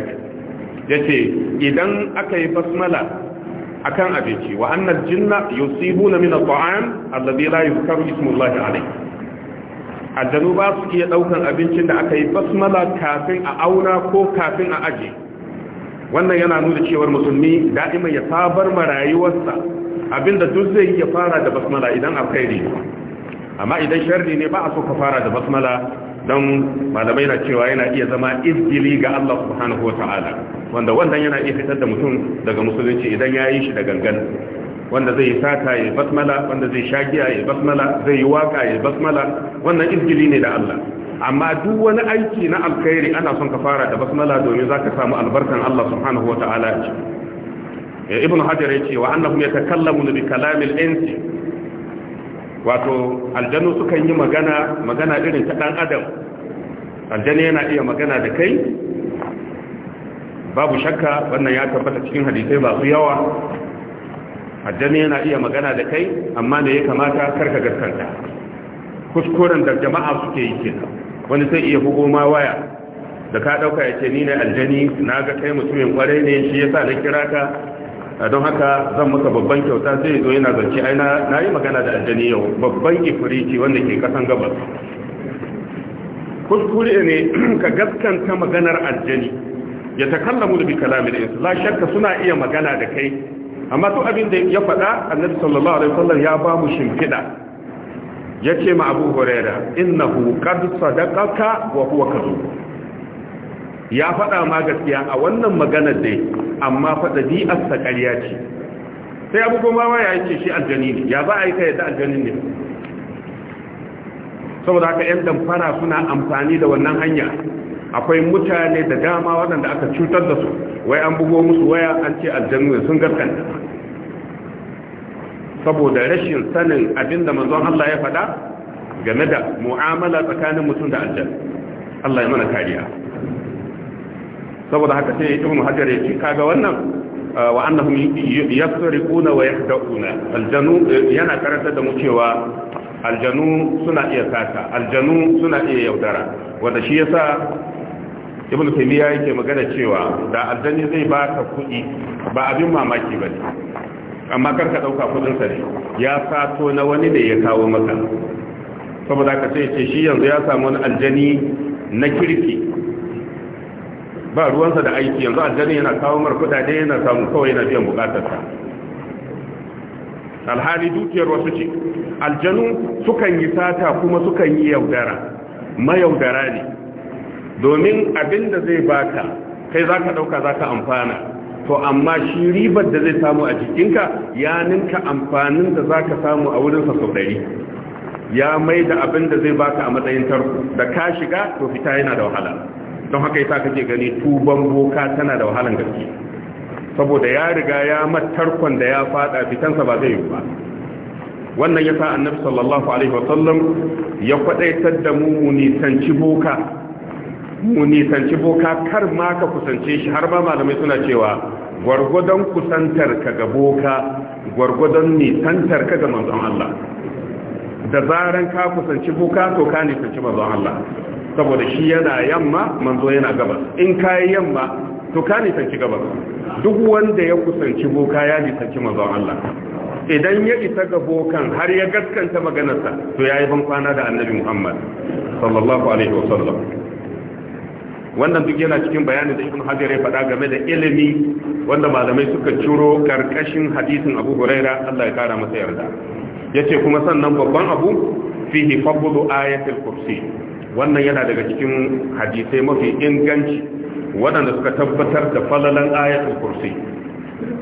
ce idan aka yi basmala akan abinci wa annal jinna yusibuna min at-ta'am alladhi la yuzkaru ismullahi alayh ba su iya daukan abincin da aka yi basmala kafin a auna ko kafin a aje wannan yana nuna cewar musulmi da'ima ya sabar rayuwarsa abinda duk zai ya fara da basmala idan alkhairi amma idan sharri ne ba a so ka fara da basmala don malamai na cewa yana iya zama izgili ga Allah subhanahu wanda wannan yana iya fitar da mutum daga musulunci idan ya yi shi da gangan wanda zai yi sata ya basmala wanda zai shagiya ya basmala zai yi waka ya basmala wannan izgili ne da Allah amma duk wani aiki na alkhairi ana son ka fara da basmala domin zaka samu albarkan Allah subhanahu wata'ala eh, ibn hajar yace wa annahum yatakallamuna bi kalamil insi wato aljanu sukan yi magana magana irin ta dan adam aljanu yana iya magana da kai babu shakka wannan ya tabbata cikin hadisai su yawa aljanu yana iya magana da kai amma ne ya kamata karka gaskanta kuskuren da jama'a suke yi kenan wani sai iya bugo ma waya da ka dauka ya ce ni ne aljani na ga kai mutumin kwarai ne shi yasa na kira ka don haka zan maka babban kyauta zai zo yana zance aina na yi magana da aljani yau babban ifiriti wanda ke kasan gabas kuskure ne ka gaskanta maganar aljani ya takallamu da bi kalamin la shakka suna iya magana da kai amma to abin da ya faɗa annabi sallallahu alaihi wasallam ya ba mu shimfiɗa ce ma Abu Huraira innahu qad sadaqaka wa huwa kadhub ya faɗa ma gaskiya a wannan maganar dai amma fa ɗabi'arsa ƙarya ce sai abu goma ma ya ce shi aljani ne ya za a yi ka yadda aljani ne saboda haka yan damfara suna amfani da wannan hanya akwai mutane da dama waɗanda aka cutar da su wai an bugo musu waya an ce aljanu ne sun gaskanta saboda rashin sanin abinda manzon Allah ya faɗa game da mu'amala tsakanin mutum da aljan Allah ya mana kariya saboda haka sai ibn hajar ya ce kaga wannan eh, wa annahum yasriquna wa yahda'una aljanu eh, yana karanta da mu cewa aljanu suna iya sata aljanu suna iya yaudara wanda shi yasa ibn taymiya yake magana cewa da aljani zai ba ka kuɗi ba abin mamaki bane amma kar ka dauka kudin sa ne ya sato na wani ne ya kawo maka saboda haka sai ce shi yanzu ya samu wani aljani na kirki ba ruwansa da aiki yanzu aljani yana kawo mar kudade yana samu kawai yana biyan bukatarsa alhali dukiyar wasu ce aljanu sukan yi sata kuma sukan yi yaudara mayaudara ne domin abin da zai baka kai za ka ɗauka za ka amfana to amma shi ribar da zai samu a jikinka ya ninka amfanin da za ka samu a wurinsa sau ɗari ya mai da abin da zai baka a matsayin tarko da ka shiga to fita yana da wahala don haka yasa kake gani tuban boka tana da wahalan gaske saboda ya riga ya matarkon da ya fada fitansa ba zai yi ba wannan yasa annabi sallallahu alaihi wasallam ya kwadaitar da mu mu nisanci boka mu nisanci boka kar ma ka kusance shi har ma malamai suna cewa gwargwadon kusantar ka ga boka gwargwadon nisantar ka ga manzon Allah da zaran ka kusanci boka to ka nisanci manzon Allah saboda shi yana yamma manzo yana gabas in yi yamma to ka nisanci gabas duk wanda ya kusanci boka ya nisanci manzon Allah idan ya isa ga bokan har ya gaskanta maganarsa to yayi ban kwana da annabi Muhammad sallallahu alaihi wasallam wannan duk yana cikin bayanin da Ibn Hajar ya faɗa game da ilimi wanda malamai suka ciro karkashin hadisin Abu Huraira Allah ya kara masa yarda yace kuma sannan babban abu fihi fadlu ayatul kursi wannan yana daga cikin hadisai mafi inganci waɗanda suka tabbatar da falalan ayatul kursi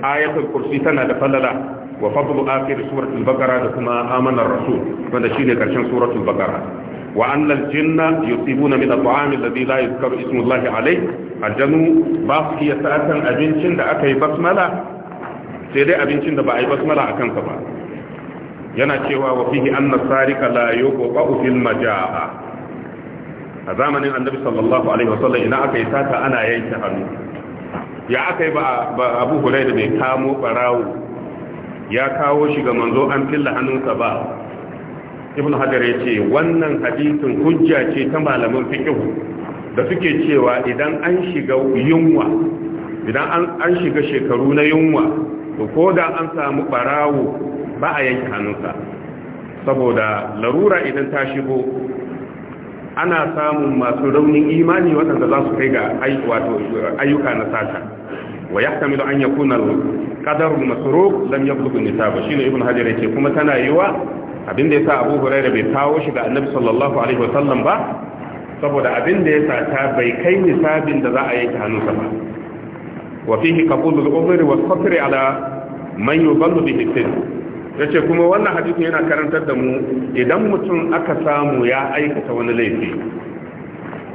ayatul kursi tana da falala wa fadlu akhir suratul baqara da kuma amanar rasul wanda shine karshen suratul baqara wa anna al-jinna yusibuna min at-ta'am la yuzkaru ismullahi alayh ajanu ba su iya sa'atan abincin da aka yi basmala sai dai abincin da ba a yi basmala akan sa ba yana cewa wa fihi anna sarika la yuqqa fil majaa a zamanin annabi sallallahu alaihi wasallam ina aka yi sata ana yanke hannu ya aka yi ba abu Hurairah da mai kamo barawo ya kawo shi ga manzo an filla hannunsa ba ibn hajar ya ce wannan hadisin hujja ce ta malaman fiqh da suke cewa idan an shiga yunwa idan an shiga shekaru na yunwa to ko da an samu barawo ba a yanke hannunsa saboda larura idan ta shigo ana samun masu raunin imani waɗanda za su kai ga ayyuka na sata wa ya kamilu an yakuna qadar masruq lam yablugh nisaba shine ibn hajar ce kuma tana yiwa abinda yasa abu hurairah bai kawo shi ga annabi sallallahu alaihi wasallam ba saboda abinda yasa ta bai kai nisabin da za a yi hannunsa ba wa fihi qabulul umri wa satri ala man yudallu bihi Ya ce kuma wannan hadisin yana karantar da mu idan mutum aka samu ya aikata wani laifi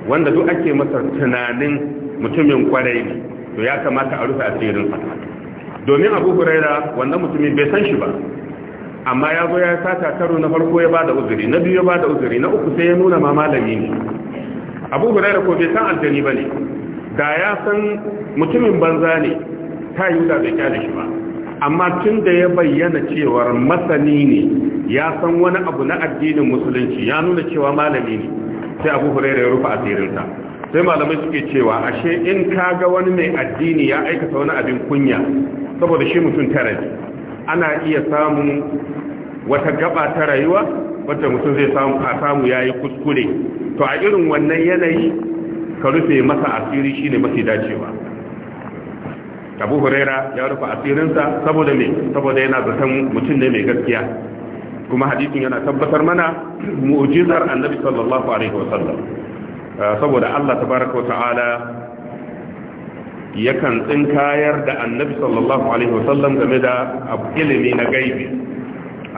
wanda duk ake masa tunanin mutumin kwarai ne to ya kamata a rufe asirin sa domin abu huraira wannan mutumin bai san shi ba amma ya zo ya sata karo na farko ya bada uzuri na biyu ya bada uzuri na uku sai ya nuna ma malami ne abu huraira ko bai san aljani ba ne da ya san mutumin banza ne ta yi da bai kyale shi ba amma tun da ya bayyana cewar masani ne ya san wani abu na addinin musulunci ya nuna cewa malami ne sai abu hurairu ya rufe asirinsa sai malamai suke cewa ashe in ka ga wani mai addini ya aikata wani abin kunya saboda shi mutum tara ne ana iya samun wata gaba ta rayuwa wata mutum zai samu a samu ya yi kuskure to a irin wannan yanayi ka rufe masa asiri shine mafi dacewa abu huraira ya rufe asirinsa saboda me saboda yana zaton mutum ne mai gaskiya kuma hadisin yana tabbatar mana mu'jizar annabi sallallahu alaihi wasallam ah, saboda Allah tabaraka ta'ala yakan tsinkayar da annabi sallallahu alaihi wasallam game da ilimi na gaibi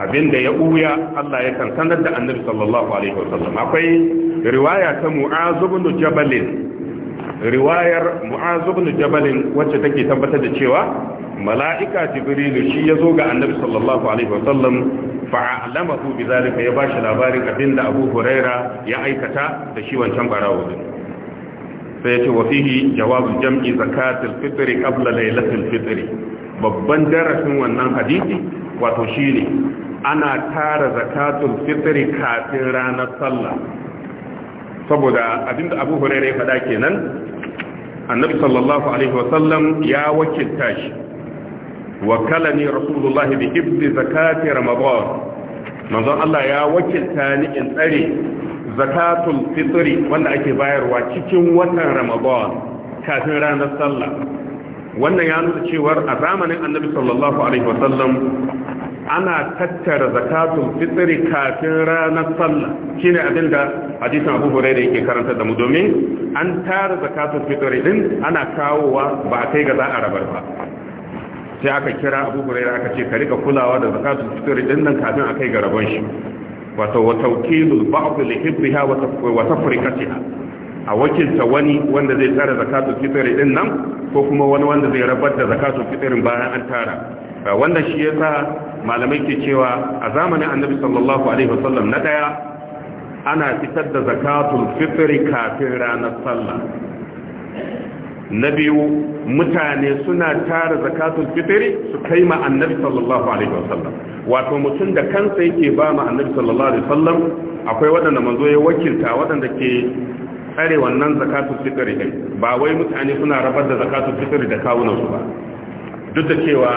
abinda ya uya Allah yakan sanar da annabi sallallahu alaihi wasallam akwai riwaya ta mu'az ibn riwayar mu'az ibn wacce take tabbatar da cewa mala'ika jibril shi yazo ga annabi sallallahu alaihi wasallam fa'alamahu bizalika ya bashi labarin abinda abu huraira ya aikata da shi wancan barawo sai yace wa fihi jawabul jam'i zakatul fitiri, qabla laylatil fitri babban darasin wannan hadisi wato shine ana tara zakatul fitiri, kafin ranar sallah saboda abinda abu hurairu ya faɗa kenan annabi sallallahu alaihi wasallam ya wakilta shi wakalani rasulullahi bi ibdi zakati ramadan manzon Allah ya wakilta ni in tsare zakatul fitri wanda ake bayarwa cikin watan ramadan kafin ranar sallah wannan ya nuna cewar a zamanin annabi sallallahu alaihi wasallam ana tattara zakatun fitri kafin ranar sallah shine abin da hadisin Abu da yake karanta da mu domin an tara zakatun fitri din ana kawowa ba a kai ga za a rabar ba sai aka kira Abu Hurairah aka ce ka rika kulawa da zakatun fitri din nan kafin a kai ga rabon shi wato wa tawkilul a li hibbiha wa tafriqatiha a wakilta wani wanda zai tara zakatun fitri din nan ko kuma wani wanda zai rabar da zakatun fitrin bayan an tara wanda shi ya sa malamai ke cewa a zamanin annabi sallallahu alaihi wasallam na daya ana fitar da zakatul fitri kafin ranar sallah na biyu mutane suna tara zakatul fitri su kai ma annabi sallallahu alaihi wasallam wato mutum da kansa yake ba ma annabi sallallahu alaihi wasallam akwai waɗanda manzo ya wakilta waɗanda ke tsare wannan zakatul fitri din ba wai mutane suna rabar da zakatul fitri da kawunansu ba duk da cewa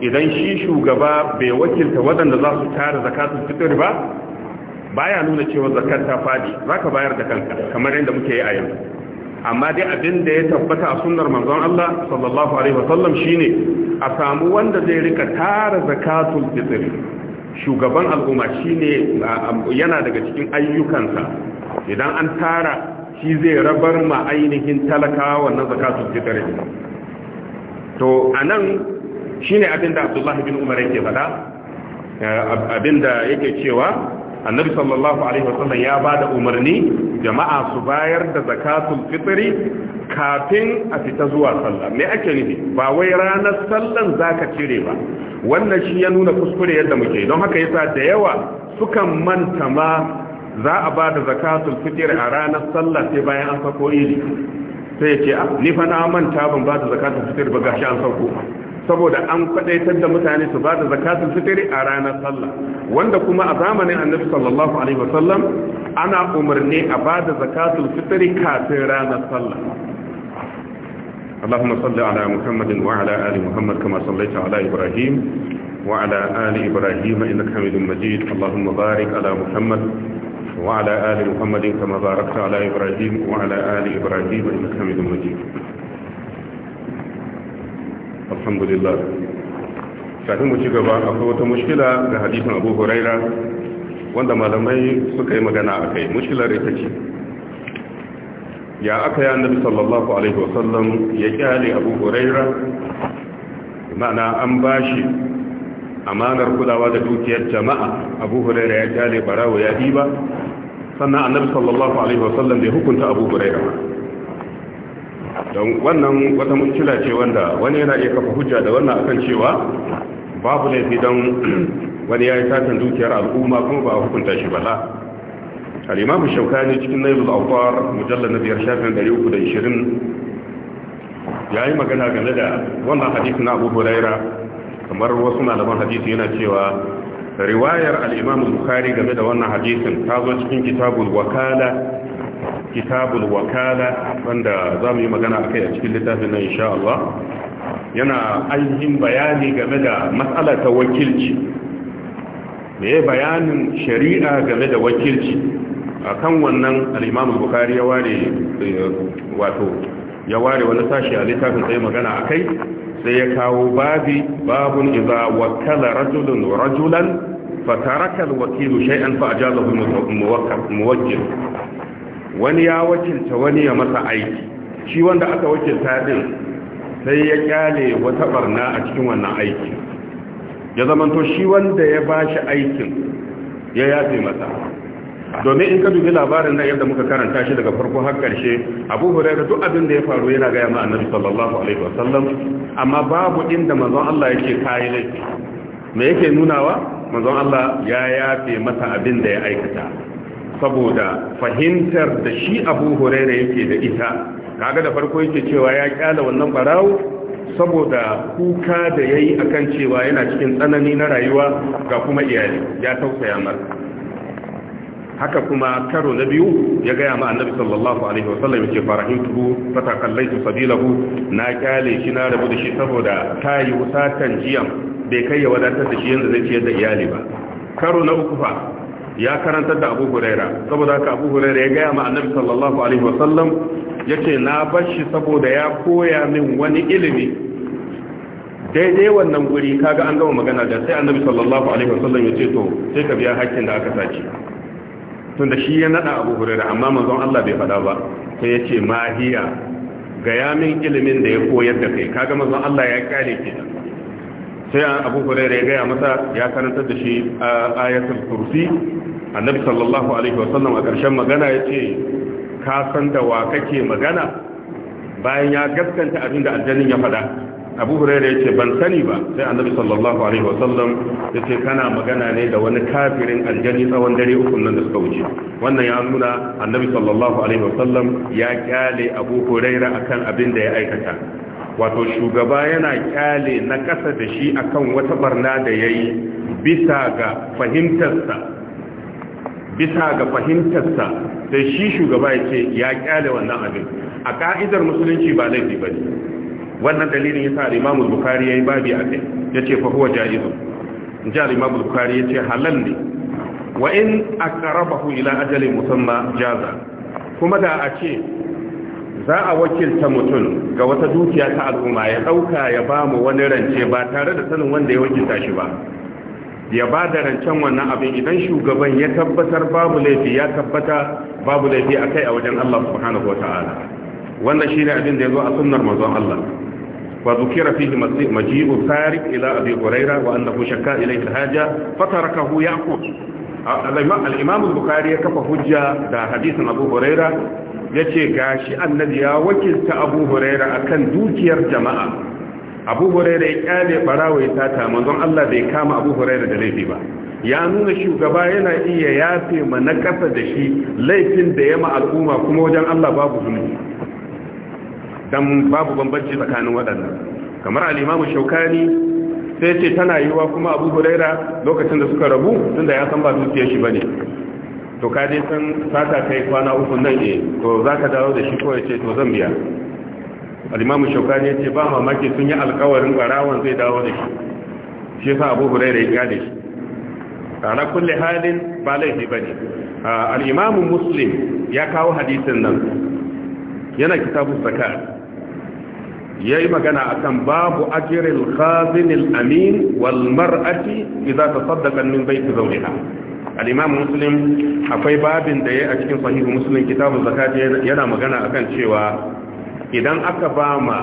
idan shi shugaba bai wakilta waɗanda za su tara zakatun fitar ba baya nuna cewa zakar ta fadi za ka bayar da kanka kamar yadda muke yi a yau amma dai abin da ya tabbata a sunar manzon Allah sallallahu alaihi wasallam shine a samu wanda zai rika tara zakatun fitar shugaban al'umma ne um, yana daga cikin ayyukansa idan an tara shi zai rabar ma ainihin talakawa wannan zakatun fitar to anan shine abinda abdullahi bin umar yake faɗa eh, abinda yake cewa annabi sallallahu alaihi wasallam ya bada umarni jama'a su bayar da zakatul fitri kafin a fita zuwa sallah me ake nufi ba wai ranar sallan zaka cire ba wannan shi ya nuna kuskure yadda muke don haka yasa da yawa sukan manta ma za a ba da zakatul fitr a ranar sallah sai bayan an sako iri sai ya ce ah, ni fa na manta ban ba da zakatul fitiri ba gashi an sauko saboda an kwadaitar da mutane su ba da zakatun fitiri a ranar sallah wanda kuma a zamanin annabi sallallahu alaihi wasallam ana umarni a ba da zakatun fitiri kafin ranar sallah اللهم صل على محمد وعلى آل محمد كما صليت على إبراهيم وعلى آل إبراهيم إنك حميد مجيد اللهم بارك على محمد وعلى آل محمد كما باركت على إبراهيم وعلى آل إبراهيم إنك حميد مجيد alhamdulillah kafin mu ci gaba akwai wata mushkila ga hadisin abu huraira wanda malamai suka yi magana a kai mushkilar ita ce ya aka yi annabi sallallahu alaihi wasallam ya kyale abu huraira ma'ana an bashi amanar kulawa da dukiyar jama'a abu huraira ya kyale barawo ya diba sannan annabi sallallahu alaihi wasallam bai hukunta abu huraira don wannan wata muskila ce wanda wani yana iya kafa hujja da wannan akan cewa babu laifi don wani ya yi satin dukiyar al'umma kuma ba hukunta shi ba al'imamu shaukani cikin nailul alfar mujallar na biyar shafin 320 ya yi magana game da wannan hadisi na abu huraira kamar wasu malaman hadisi yana cewa riwayar al'imamu bukari game da wannan hadisin ta zo cikin kitabul wakala kitabul wakala wanda za mu yi magana a kai a cikin littafin nan insha Allah yana ainihin bayani game da matsala ta wakilci da ya bayanin shari'a game da wakilci a kan wannan al'imam bukari ya ware eh, wato ya ware wani sashi a littafin sai magana a kai sai ya kawo babi babun iza wakala rajulun rajulan fatarakal wakilu shay'an fa ajazahu muwakkil wani ya wakilta wani ya masa aiki shi wanda aka wakilta din sai ya kyale wata barna a cikin wannan aiki ya zamanto shi wanda ya bashi aikin ya yafe masa domin in ka dubi labarin nan yadda muka karanta shi daga farko har karshe abu hurairu duk abin da ya faru yana gaya ma annabi sallallahu alaihi wasallam amma babu inda manzon Allah yake kayi laifi me yake nunawa manzon Allah ya yafe masa abin da ya aikata saboda fahimtar da shi abu huraira yake da ita kaga da farko yake cewa ya kyala wannan barawo saboda kuka da yayi akan cewa yana cikin tsanani na rayuwa ga kuma iyali ya tausaya mar haka kuma karo na biyu ya gaya ma annabi sallallahu alaihi wasallam yake fata kallaitu sabilahu na kyale shi na rabu da shi saboda tayi wusatan jiyan bai kai ya wadatar da shi yanda zai ciyar da iyali ba karo na uku fa ya karantar da abu huraira saboda haka abu huraira ya gaya ma annabi sallallahu alaihi wasallam yace na bashi saboda ya koya min wani ilimi daidai wannan guri kaga an gama magana da sai annabi sallallahu alaihi wasallam yace to sai ka biya hakkin da aka sace da shi ya nada abu huraira amma manzon Allah bai fada ba sai yace mahiya ga yamin ilimin da ya koyar da kai kaga manzon Allah ya kare kenan sai abu hurairah ya gaya masa ya karantar da shi ayatul kursi annabi sallallahu alaihi wasallam a ƙarshen magana ya ce ka san da wa kake magana bayan ya gaskanta abin da aljannin ya faɗa abu hurairah ya ce ban sani ba sai annabi sallallahu alaihi wasallam ya ce kana magana ne da wani kafirin aljanni tsawon dare uku nan da suka wuce wannan ya nuna annabi sallallahu alaihi wasallam ya kyale abu hurairah akan abin da ya aikata wato shugaba yana kyale na kasa da shi akan wata barna da ya yi bisa ga fahimtarsa bisa ga fahimtarsa da shi shugaba ya ce ya kyale wannan abin a ka'idar musulunci ba laifi ba ne wannan dalilin ya sa imamu bukari ya yi babi a kai ya ce fa huwa jihar imamu bukari ya ce halal ne wa in aqrabahu ila ajalin musamma jaza kuma da a ce za a wakilta mutum ga wata dukiya ta al'umma ya ɗauka ya ba mu wani rance ba tare da sanin wanda ya wakilta shi ba ya ba da rancen wannan abin idan shugaban ya tabbatar babu laifi ya tabbata babu laifi a kai a wajen Allah subhanahu wa ta'ala wannan shi ne abin da ya zo a sunnar mazon Allah wa zukira fihi maji'u tariq ila abi huraira wa annahu shakka ilayhi al-haja fatarakahu yaqut al-imam al-bukhari ya kafa hujja da hadisin abu huraira ya ce ga shi annabi ya wakilta abu huraira kan dukiyar jama'a abu huraira ya kyale barawa ya tata manzon Allah bai kama abu huraira da laifi ba ya nuna shugaba yana iya yafe ma na kasa da shi laifin da ya ma al'umma kuma wajen Allah babu zunubi dan babu bambanci tsakanin waɗannan kamar al'imamu shaukani sai ce tana yiwa kuma abu huraira lokacin da suka rabu tunda ya san ba dukiyar shi bane to ka san sata kai kwana uku nan eh to za ka dawo da shi ko ce to zan biya alimamu shaukani ya ce ba mamaki sun yi alkawarin barawan zai dawo da shi shi sa abu da ya gane shi ala kulle halin ba laifi ba ne. imamu muslim ya kawo hadisin nan yana kitabu Ya yayi magana akan babu ajirin khazin al-amin wal mar'ati idza tasaddaqat min zaune zawjiha al-imam muslim akwai babin da yayi a cikin sahihu muslim kitabun zakati yana magana akan cewa idan aka ba ma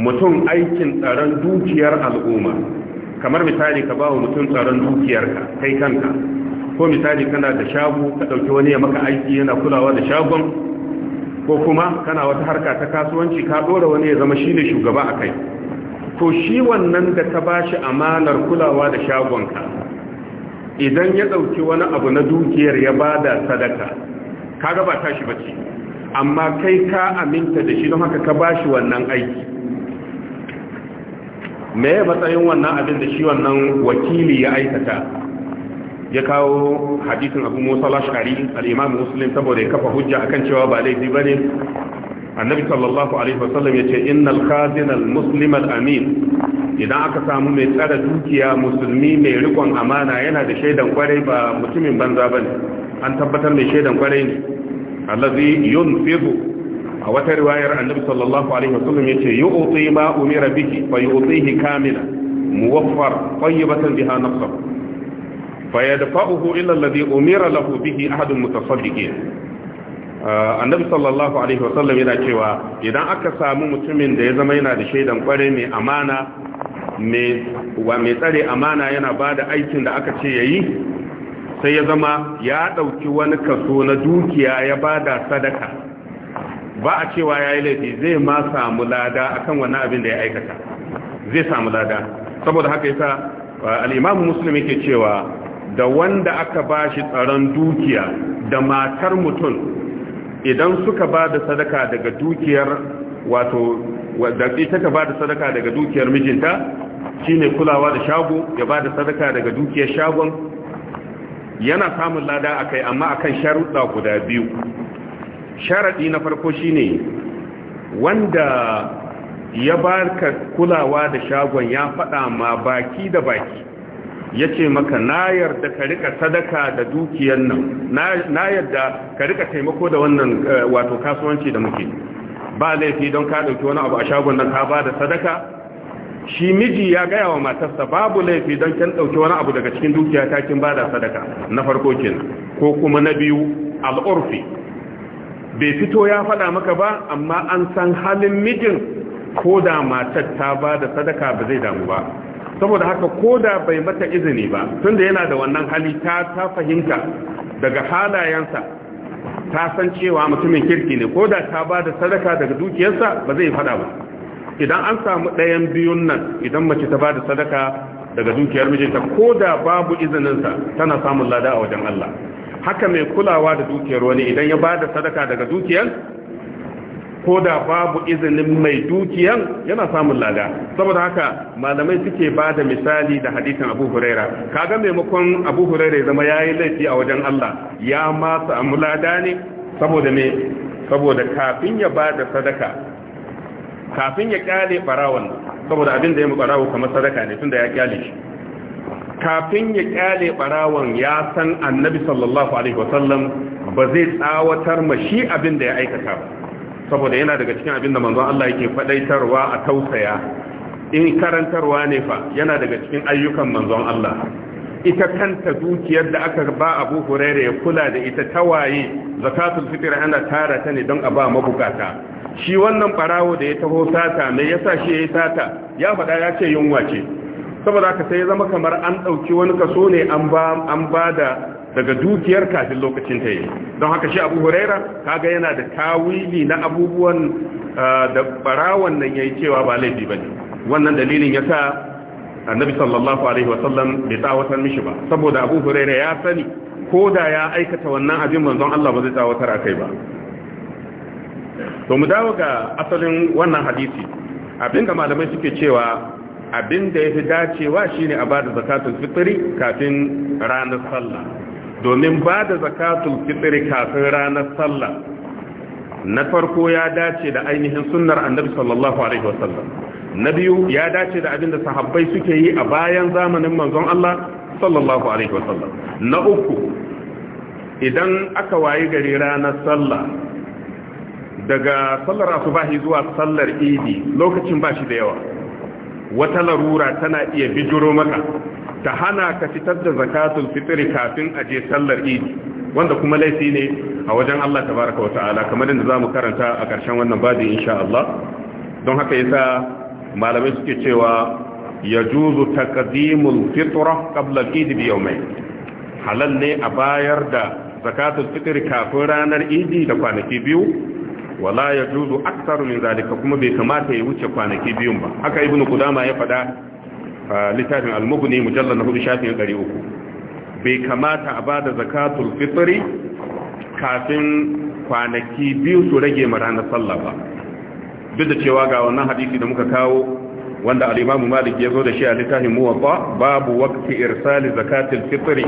mutum aikin tsaron dukiyar al'umma kamar misali ka ba wa mutum tsaron dukiyarka kai kanka ko misali kana da shago ka dauki wani ya maka aiki yana kulawa da shagon ko kuma kana wata harka ta kasuwanci ka dora wani ya zama shine shugaba akai to shi wannan da ta shi amanar kulawa da shagonka idan ya ɗauki wani abu na dukiyar ya bada sadaka kaga ba tashi bace amma kai ka aminta da shi don haka ka shi wannan aiki me ya matsayin wannan abin da shi wannan wakili ya aikata ya kawo hadisin abu musa lashari al-imam saboda ya kafa hujja akan cewa ba laifi ne? annabi sallallahu alaihi wasallam yace innal khazin al amin idan aka samu mai tsara dukiya musulmi mai rikon amana yana da shaidan kwarai ba mutumin banza ba ne an tabbatar mai shaidan kwarai ne allazi yunfidu a wata riwayar annabi sallallahu alaihi wasallam yace yu'ti ma umira biki fa yu'tihi kamila muwaffar tayyibatan biha nafsa fa yadfa'uhu illa alladhi umira lahu bihi ahadun mutasaddiqin annabi sallallahu alaihi wasallam yana cewa idan aka samu mutumin da ya zama yana da shaidan kwarai mai amana mai tsare amana yana ba da aikin da aka ce ya yi sai ya zama ya ɗauki wani kaso na dukiya ya ba da sadaka ba a cewa ya yi laifi zai ma samu lada akan wani abin da ya aikata zai samu lada saboda haka yasa al'imamu musulmi ke cewa da wanda aka ba shi tsaron dukiya da matar mutum idan suka ba da sadaka daga dukiyar wato wadda ita ka ba da sadaka daga dukiyar mijinta shine kulawa da shago ya ba da sadaka daga dukiyar shagon yana samun lada a kai, amma akan sharuɗa guda biyu sharaɗi na farko shine wanda ya barka kulawa da shagon ya faɗa ma baki da baki ya ce maka na yarda ka rika sadaka da dukiyar nan na yarda ka rika taimako da wannan eh, wato kasuwanci da muke ba laifi don ka ɗauki wani abu a shagon nan ka ba da sadaka shi miji ya gaya wa matarsa babu laifi don kyan ɗauki wani abu daga cikin dukiya ta kin bada sadaka na farko kenan ko kuma na biyu al'urfi bai fito ya faɗa maka ba amma an san halin mijin ko da matar ta bada sadaka ba zai damu ba saboda haka ko da bai mata izini ba tunda yana da wannan hali ta ta fahimta daga halayensa ta san cewa mutumin kirki ne ko da ta bada sadaka daga dukiyarsa ba zai faɗa ba idan an samu ɗayan biyun nan idan mace ta bada sadaka daga dukiyar mijinta ko da babu izininsa tana samun lada a wajen Allah haka mai kulawa da dukiyar wani idan ya bada sadaka daga dukiyar ko da babu izinin mai dukiyan yana samun lada saboda haka malamai suke ba da misali da hadisin abu huraira kaga maimakon abu huraira zama ya yi laifi a wajen Allah ya ma samu lada ne saboda me saboda kafin ya ba da sadaka kafin ya kyale barawon saboda abin da ya mu barawo kamar sadaka ne da ya kyale shi kafin ya kyale barawon ya san annabi sallallahu alaihi wasallam ba zai tsawatar ma shi abin da ya aikata ba saboda yana daga cikin abin da manzon Allah yake fadaitarwa a tausaya in karantarwa ne fa yana daga cikin ayyukan manzon Allah ita kanta dukiyar da aka ba abu hurairu ya kula da ita ta waye zakatul fitr ana tara ta ne don a ba mabukata shi wannan barawo da ya taho sata me yasa shi ya sata ya faɗa ya ce yunwa ce saboda haka sai ya zama kamar an ɗauki wani kaso ne an ba an ba da daga dukiyar kafin lokacin ta yi don haka shi abu huraira kaga yana da tawili na abubuwan ah, da barawon nan yayi cewa ba laifi bane wannan dalilin yasa annabi sallallahu alaihi sallam bai tsawatar mishi ba saboda abu huraira ya sani ko da ya aikata wannan abin manzon Allah ba zai tsawatar akai ba to mu dawo ga asalin wannan hadisi abinda malamai suke cewa abin ya yafi dacewa shine a bada zakatul fitri kafin ranar sallah domin bada zakatul fitri kafin ranar sallah na farko ya dace da ainihin sunnar annabi sallallahu alaihi sallam. na biyu ya dace da abin da sahabbai suke yi a bayan zamanin manzon Allah sallallahu alaihi wasallam na uku idan aka wayi gari ranar sallah daga sallar asubahi zuwa sallar idi lokacin bashi da yawa wata larura tana iya bijiro maka ta hana ka fitar da zakatul fitri kafin a je sallar idi wanda kuma laifi ne a wajen Allah tabaraka wa ta'ala kamar yadda zamu karanta a ƙarshen wannan babu insha Allah don haka yasa malamai suke cewa ya juzu taqdimul fitra kabla al bi halal ne a bayar da zakatul fitr kafin ranar idi da kwanaki biyu wala ya juzu aksaru min zalika kuma bai kamata ya wuce kwanaki biyu ba haka ibnu kudama ya faɗa littafin al-mughni mujallal na 4 shafin 300 bai kamata a ba da zakatul fitri kafin kwanaki biyu su rage ma ranar sallah ba duk da cewa ga wannan hadisi da muka kawo wanda al imamu Malik ya zo da shi a littafin Muwatta babu waqti irsali zakatil fitri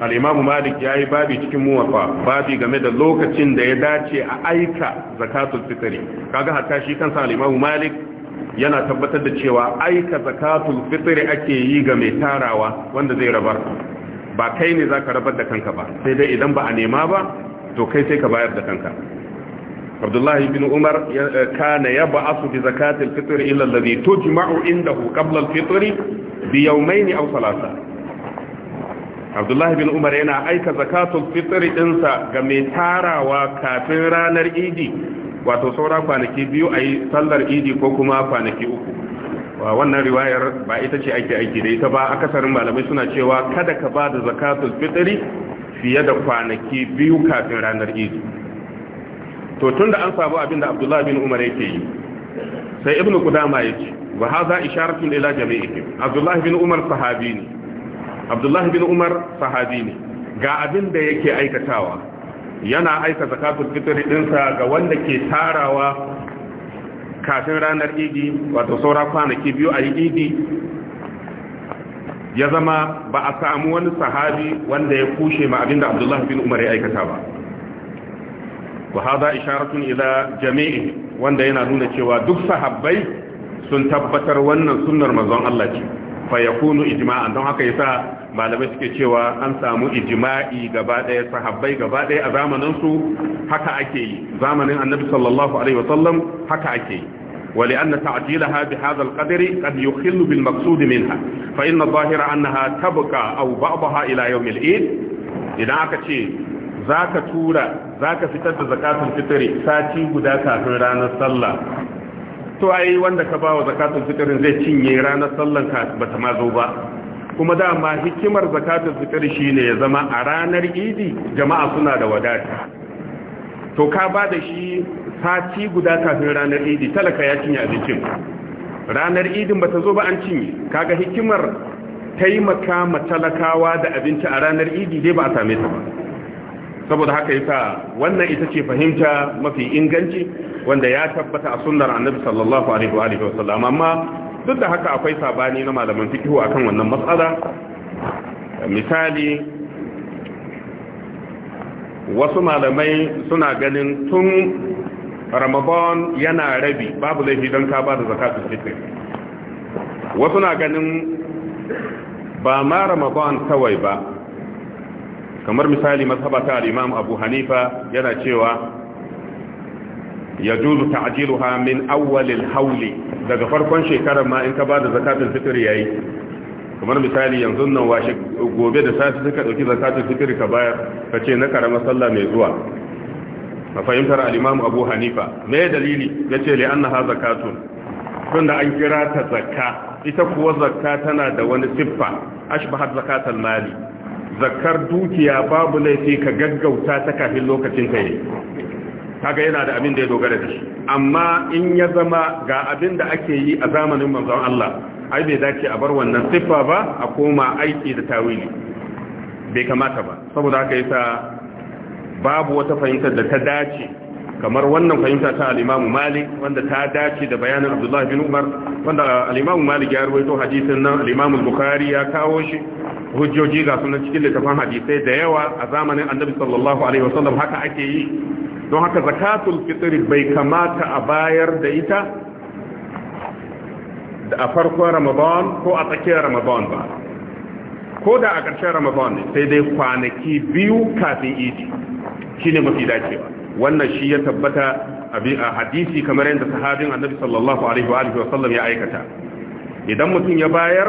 al imamu Malik yayi babi cikin Muwatta babi game da lokacin da ya dace a aika zakatul fitri kaga hatta shi kansa al imamu Malik yana tabbatar da cewa aika zakatul fitri ake yi ga mai tarawa wanda zai rabar ba kai ne zaka rabar da kanka ba sai dai idan ba a nema ba to kai sai ka bayar da kanka abdullahi bin umar eh, kana yab'asu bi zakatil fitr ila alladhi tujma'u indahu qabla al-fitr bi yawmayn aw thalatha abdullahi bin umar yana aika zakatul fitr dinsa ga tarawa kafin ranar idi wato saura kwanaki biyu a yi sallar idi ko kuma kwanaki uku wannan riwayar ba ita ce ake aiki da ita ba akasarin malamai suna cewa kada ka ba da zakatul fitiri fiye da kwanaki biyu kafin ranar idi to tun da an samu abin da abdullahi bin umar yake yi sai ibnu qudama yake wa hadha isharatun ila jami'ihim abdullahi bin umar sahabi ne abdullahi bin umar sahabi ne ga abin da yake aikatawa yana aika zakatul fitr dinsa ga wanda ke tarawa kafin ranar idi wato saura kwanaki biyu a idi ya zama ba a samu wani sahabi wanda ya kushe ma abinda abdullahi bin umar ya aikata ba wa hada isharatun ila jami'i wanda yana nuna cewa duk sahabbai sun tabbatar wannan sunnar manzon Allah ce fa ya yakunu ijima'a don haka yasa malamai suke cewa an samu ijima'i gaba daya sahabbai a zamaninsu su haka ake yi zamanin annabi sallallahu alaihi wasallam haka ake yi ولأن تعجيلها بهذا القدر قد يخل بالمقصود منها فإن الظاهر أنها تبقى أو بعضها إلى يوم العيد idan aka ce za ka tura za ka fitar da zakatun fitiri sati guda kafin ranar sallah to ai wanda ka bawa zakatun fitirin zai cinye ranar sallan ka bata ma zo ba kuma dama hikimar zakatun fitiri shine ya zama a ranar idi jama'a suna da wadata to ka ba da shi sati guda kafin ranar idi talaka ya cinye abincin ranar idin bata zo ba an cinye kaga hikimar taimaka ma talakawa da abinci a ranar idi dai ba a same ta ba saboda haka yasa wannan ita ce fahimta mafi inganci wanda ya tabbata a sunnar annabi sallallahu alaihi wa alihi wasallam amma duk da haka akwai sabani na malaman fiqh akan wannan matsala misali wasu malamai suna ganin tun ramadan yana rabi babu laifi don ka ba da zakatu fitr wasu na ganin ba ma ramadan kawai ba kamar misali mazhaba ta al-imam abu hanifa yana cewa ya yajuzu ta'jiluha min awwal al-hawli daga farkon shekarar ma in ka bada zakatul fitr yayi kamar misali yanzu nan washe gobe da sai suka dauki zakatul fitr ka bayar kace na karama sallah mai zuwa fa fahimtar al'imamu abu hanifa me dalili yace ce anna hadha zakatun tunda an kira ta zakka ita kuwa zakka tana da wani siffa ashbahar zakatul mali zakar dukiya babu laifi ka gaggauta ta kafin lokacin ka yi kaga yana da abin da ya dogara da shi amma in ya zama ga abin da ake yi a zamanin manzon Allah ai bai dace a bar wannan siffa ba a koma aiki da tawili bai kamata ba saboda haka yasa babu wata fahimtar da ta dace kamar wannan fahimta ta al Malik wanda ta dace da bayanin abdullahi bin Umar wanda alimamu imam Malik ya rawaito hadisin nan alimamu imam Bukhari ya kawo shi hujjoji ga sunan cikin littafin hadisai da yawa a zamanin Annabi sallallahu alaihi wasallam haka ake yi don haka zakatul fitr bai kamata a bayar da ita da a farkon Ramadan ko a tsakiyar Ramadan ba ko da a ƙarshen Ramadan ne sai dai kwanaki biyu kafin Idi shine mafi dacewa wannan shi ya tabbata a hadisi kamar yadda sahabin annabi sallallahu alaihi wa sallam ya aikata idan mutum ya bayar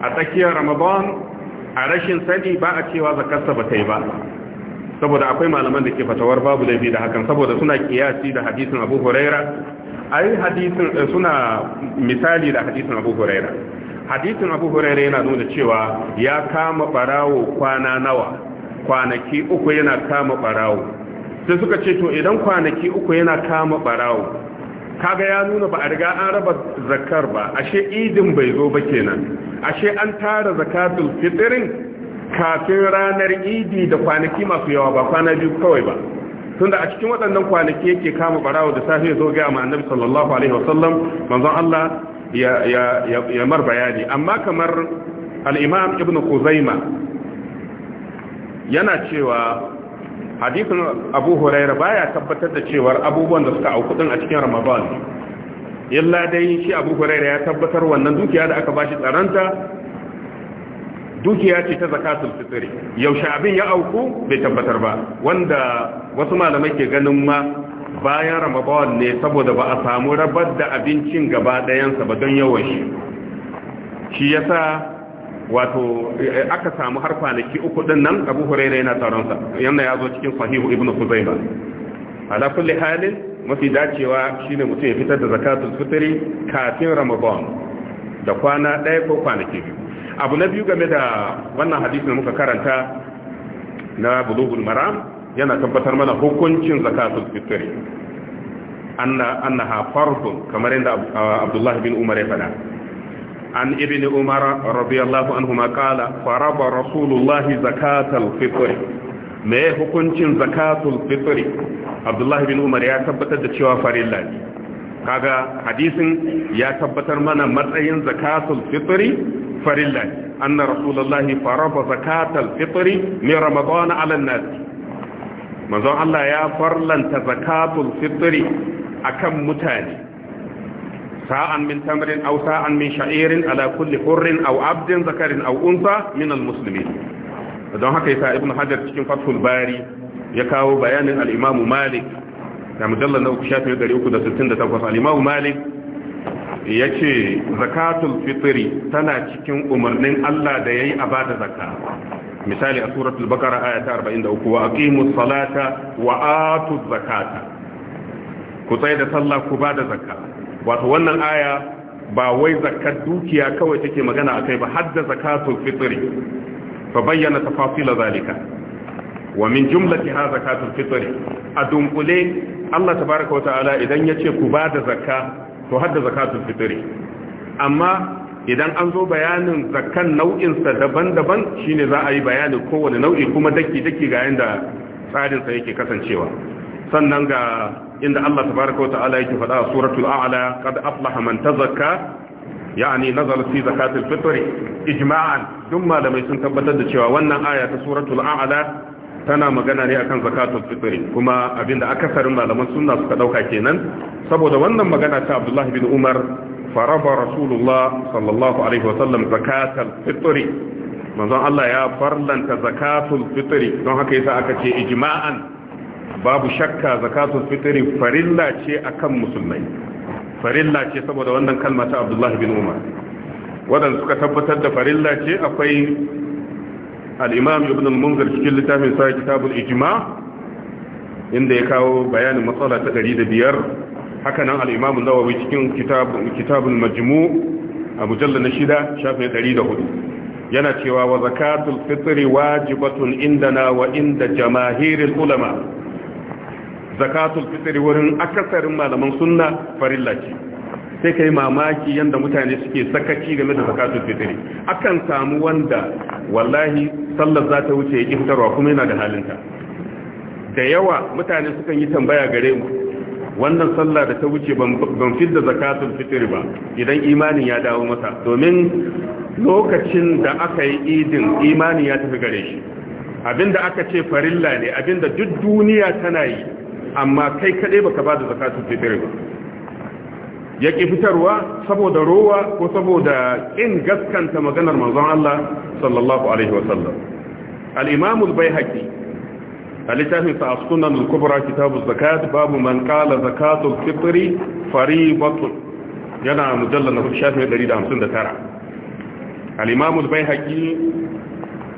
a tsakiyar ramadan a rashin sani ba a cewa zakarsa ba ta yi ba saboda akwai malaman da ke fatawar babu laifi da hakan saboda suna kiyasi da hadisin abu huraira ai hadisin eh, suna misali da hadisin abu huraira hadisin abu huraira yana nuna cewa ya kama barawo kwana nawa kwanaki uku yana kama barawo sai suka ce to idan kwanaki uku yana kama barawo kaga ya nuna ba a riga an raba zakar ba ashe idin bai zo ba kenan ashe an tara zakatul fitrin kafin ranar idi da kwanaki masu yawa ba kwana biyu kawai ba tunda a cikin waɗannan kwanaki yake kama barawo da safe zo ga amma annabi sallallahu alaihi wasallam manzon Allah ya ya ya mar bayani amma kamar al-imam ibn Khuzaima yana cewa hadisin abu huraira baya tabbatar da cewar abubuwan da suka auku din a cikin ramadan yalla dai shi abu huraira ya tabbatar wannan dukiya da aka bashi tsaranta dukiya ce ta zakatul fitri yaushe abin ya auku bai tabbatar ba wanda wasu malamai ke ganin ma bayan ramadan ne saboda ba a samu rabar da abincin gaba sa ba don yawan shi shi yasa wato eh, aka samu har kwanaki uku din nan abu huraira yana tsaron yana ya zo cikin sahihu ibnu kuzaiba ala kulli halin mafi dacewa shine mutum ya fitar da zakatul fitri kafin ramadan da kwana ɗaya ko kwanaki biyu abu na biyu game da wannan hadisi da muka karanta na bulughul maram yana tabbatar mana hukuncin zakatul fitri anna annaha fardun kamar yadda abdullahi bin umar ya faɗa عن ابن عمر رضي الله عنهما قال فرب رسول الله زكاة الفطر ما hukuncin zakatul fitri Abdullah bin Umar ya tabbatar da cewa farilla ne kaga hadisin ya tabbatar mana matsayin zakatul fitri farilla ne anna rasulullahi faraba zakatul fitri min ramadan ala an-nas manzon Allah ya farlanta zakatul fitri akan mutane sa'an min tamrin aw sa'an min sha'irin ala kulli hurrin aw abdin zakarin aw unsa min don haka yasa ibnu hajar cikin fathul ya kawo bayanin al-imamu malik da mujallal na 368 al-imamu malik yace zakatul fitri tana cikin umarnin Allah da yayi a bada zakka misali a suratul baqara aya ta 43 wa aqimus salata wa atuz zakata ku tsaya da sallah ku bada zakka wato wannan aya ba wai zakar dukiya kawai take magana akai ba hadda zakatul fitri fa bayyana tafasila zalika wa min jumlati ha zakatul fitri a dunkule Allah tabaaraka wa ta'ala idan yace ku ba da zakka to hadda zakatul fitri amma idan an zo bayanin zakkan nau'insa daban-daban shine za a yi bayanin kowane nau'i kuma daki-daki ga yanda tsarinsa yake kasancewa sannan ga inda Allah tabaraka wa ta'ala yake faɗa a suratul a'la qad aflaha man tazakka yani nazala fi zakatil fitr ijma'an duk malamai sun tabbatar da cewa wannan aya ta suratul a'la tana magana ne akan zakatul fitr kuma abinda akasarin malaman sunna suka dauka kenan saboda wannan magana ta Abdullah bin Umar faraba rasulullah sallallahu alaihi wa sallam zakatul fitr manzon Allah ya farlanta zakatul fitr don haka yasa aka ce ijma'an babu shakka zakatul fitri farilla ce akan musulmai farilla ce saboda wannan kalma ta Abdullah bin Umar wadanda suka tabbatar da farilla ce akwai al-Imam Ibn al-Munzir cikin littafin sa Kitabul Ijma inda ya kawo bayanin matsala ta 105 haka nan al-Imam Nawawi cikin Kitabul Majmu' a mujallal na 6 shafin 104 yana cewa wa zakatul fitri wajibatun indana wa inda jamahirul ulama zakatul fitr wurin akasarin malaman sunna farilla ce sai kai mamaki yanda mutane suke sakaci game da zakatul fitr akan samu wanda wallahi sallar za ta wuce ya fitarwa kuma yana da halinta da yawa mutane sukan yi tambaya gare mu wannan sallar da ta wuce ban fidda zakatul fitr ba idan imanin ya dawo masa domin lokacin da aka yi idin imanin ya tafi gare shi abinda aka ce farilla ne abinda duk duniya tana yi amma kai kadai baka ba da zakatun fitr ba ya fitarwa saboda rowa ko saboda ƙin gaskanta maganar manzon Allah sallallahu alaihi wasallam al-imam al-baihaqi a littafin sa as-sunan al-kubra kitab az-zakat babu man qala zakatul fitri fariidatun yana mujallal na shafi 159 الإمام البيهقي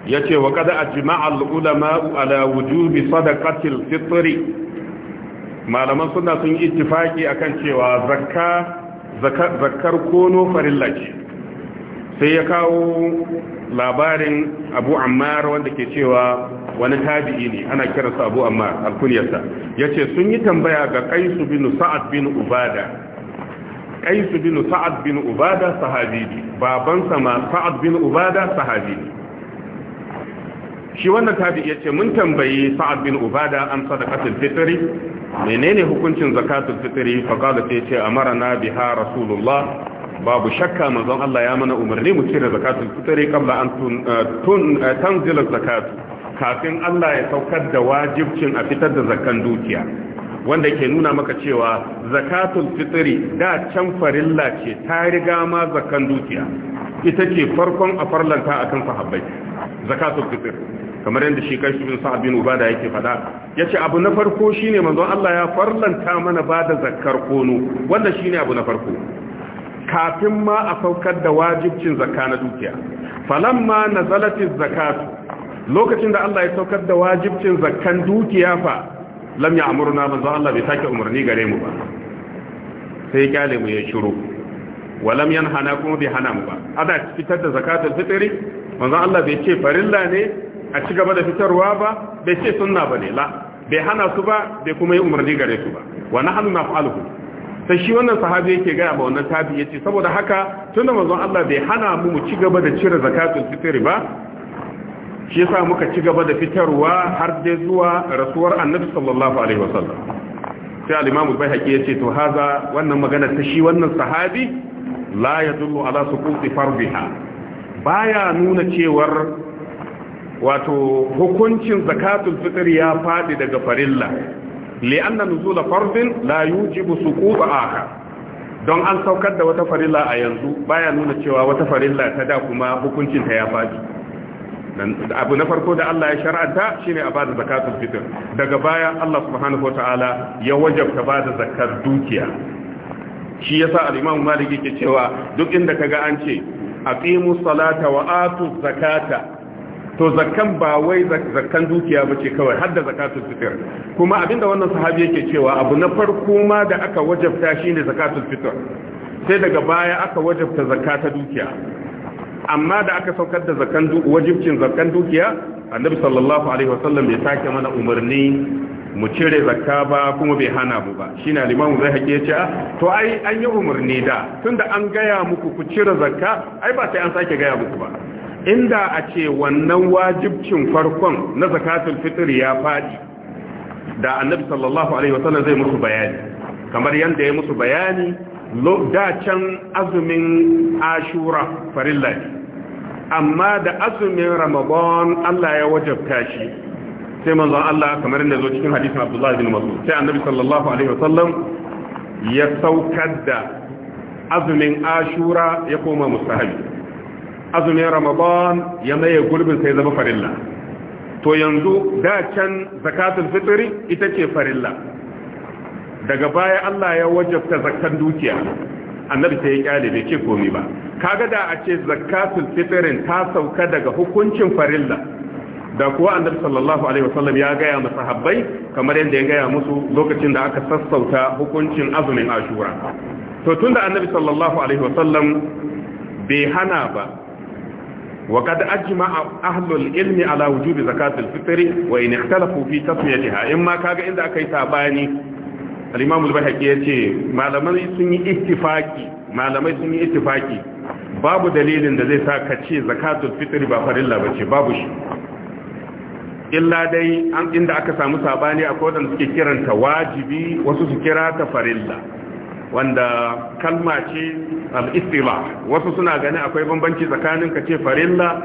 يتي وقد أجمع العلماء على وجوب صدقة الفطر malaman suna sun yi ittifaki akan cewa zakka zakkar kono farilla ce sai ya kawo labarin abu ammar wanda ke cewa wani tabi'i ne ana kiransa abu ammar alkuniyarsa ya ce sun yi tambaya ga kaisu bin sa'ad bin ubada kaisu bin sa'ad bin ubada sahabi babansa ma sa'ad bin ubada sahabi ne shi wannan tabi'i ya ce mun tambayi sa'ad bin ubada an sadaqatul fitri menene hukuncin zakatul fitri fa qala sai ce amarna biha rasulullah babu shakka manzon Allah ya mana umarni mu cire zakatul fitri kabla an tun eh, eh, tanzila zakat kafin Allah ya saukar da wajibcin a fitar da zakan dukiya wanda ke nuna maka cewa zakatul fitri da can farilla ce ta riga ma zakan dukiya ita ce farkon a farlanta akan sahabbai zakatul fitri kamar yadda shi kan shubin sa'ad bin ubada yake fada ce abu na farko shine manzon Allah ya farlanta mana bada zakar kono wanda shine abu na farko kafin ma a saukar da wajibcin zakka na dukiya ma falamma nazalatiz zakatu lokacin da Allah ya saukar da wajibcin zakan dukiya fa lam ya'muruna manzon Allah bai sake umarni gare mu ba sai kyale mu ya shiru walam yanhana kuma bai hana mu ba ada fitar da zakatul fitri manzon Allah bai ce farilla ne a ci gaba da fitarwa ba bai ce sunna ba ne la bai hana su ba bai kuma yi umarni gare su ba wa na hannu na fa'alhu ta shi wannan sahabi yake gaya ma wannan tabi yace saboda haka tunda manzon Allah bai hana mu mu ci gaba da cire zakatun fitari ba shi yasa muka ci gaba da fitarwa har dai zuwa rasuwar annabi sallallahu alaihi wasallam sai al-imam al ya ce to haza wannan magana ta shi wannan sahabi la yadullu ala suquti farbiha baya nuna cewar wato hukuncin zakatul fitr ya fadi daga farilla li'anna farfin fardin la yujibu suquta aha don an saukar da wata farilla a yanzu baya nuna cewa wata farilla ta da kuma hukuncin ta ya fadi abu na farko da Allah ya shar'anta shine a bada zakatul fitr daga baya Allah subhanahu wataala ya wajabta bada zakar dukiya shi yasa al-Imam Malik yake cewa duk inda kaga an ce aqimus salata wa atuz zakata to zakan ba wai zakan dukiya bace kawai har da zakatul fitr kuma abinda wannan sahabi yake cewa abu na farko ma da aka wajabta shine zakatul fitr sai daga baya aka wajabta zakata dukiya amma da aka saukar da zakan wajibcin zakan dukiya annabi sallallahu alaihi wasallam bai sake mana umarni mu cire zakka ba kuma bai hana mu ba shine limamu zai hake ce ah, to ai an yi umarni da tunda an gaya muku ku cire zakka ai ba sai an sake gaya muku ba inda a ce wannan wajibcin farkon na zakatul fitr ya fadi da annabi sallallahu alaihi wasallam zai musu bayani kamar yanda ya musu bayani da can azumin ashura farilla amma da azumin ramadan Allah ya wajabta shi sai manzo Allah kamar inda zo cikin hadisin Abdullah bin Mas'ud sai annabi sallallahu alaihi wasallam ya saukar da azumin ashura ya koma mustahabi azumin ramadan ya maye gurbin sai zama farilla to yanzu da can zakatul fitri ita ce farilla daga baya Allah ya wajabta zakkan dukiya annabi sai ya kyale bai ce komai ba kaga da a ce zakatul fitrin ta sauka daga hukuncin farilla da kuwa annabi sallallahu alaihi wasallam ya gaya ma sahabbai kamar yadda ya gaya musu lokacin da aka sassauta hukuncin azumin ashura to tunda annabi sallallahu alaihi wasallam bai hana ba wa kad a ahlul ilmi ala wujubi zakatul fitri wa in ikhtalafu fi tasmiyatiha in ma kaga inda akai sabani al-imam al-bahaqi yace malamai sun yi ittifaki malamai sun yi ittifaki babu dalilin da zai sa ka ce zakatul fitri ba farilla bace babu shi illa dai inda aka samu sabani akwai wadanda suke kiranta wajibi wasu su kira ta farilla wanda kalma ce al-istila wasu suna gani akwai bambanci tsakanin ka ce farilla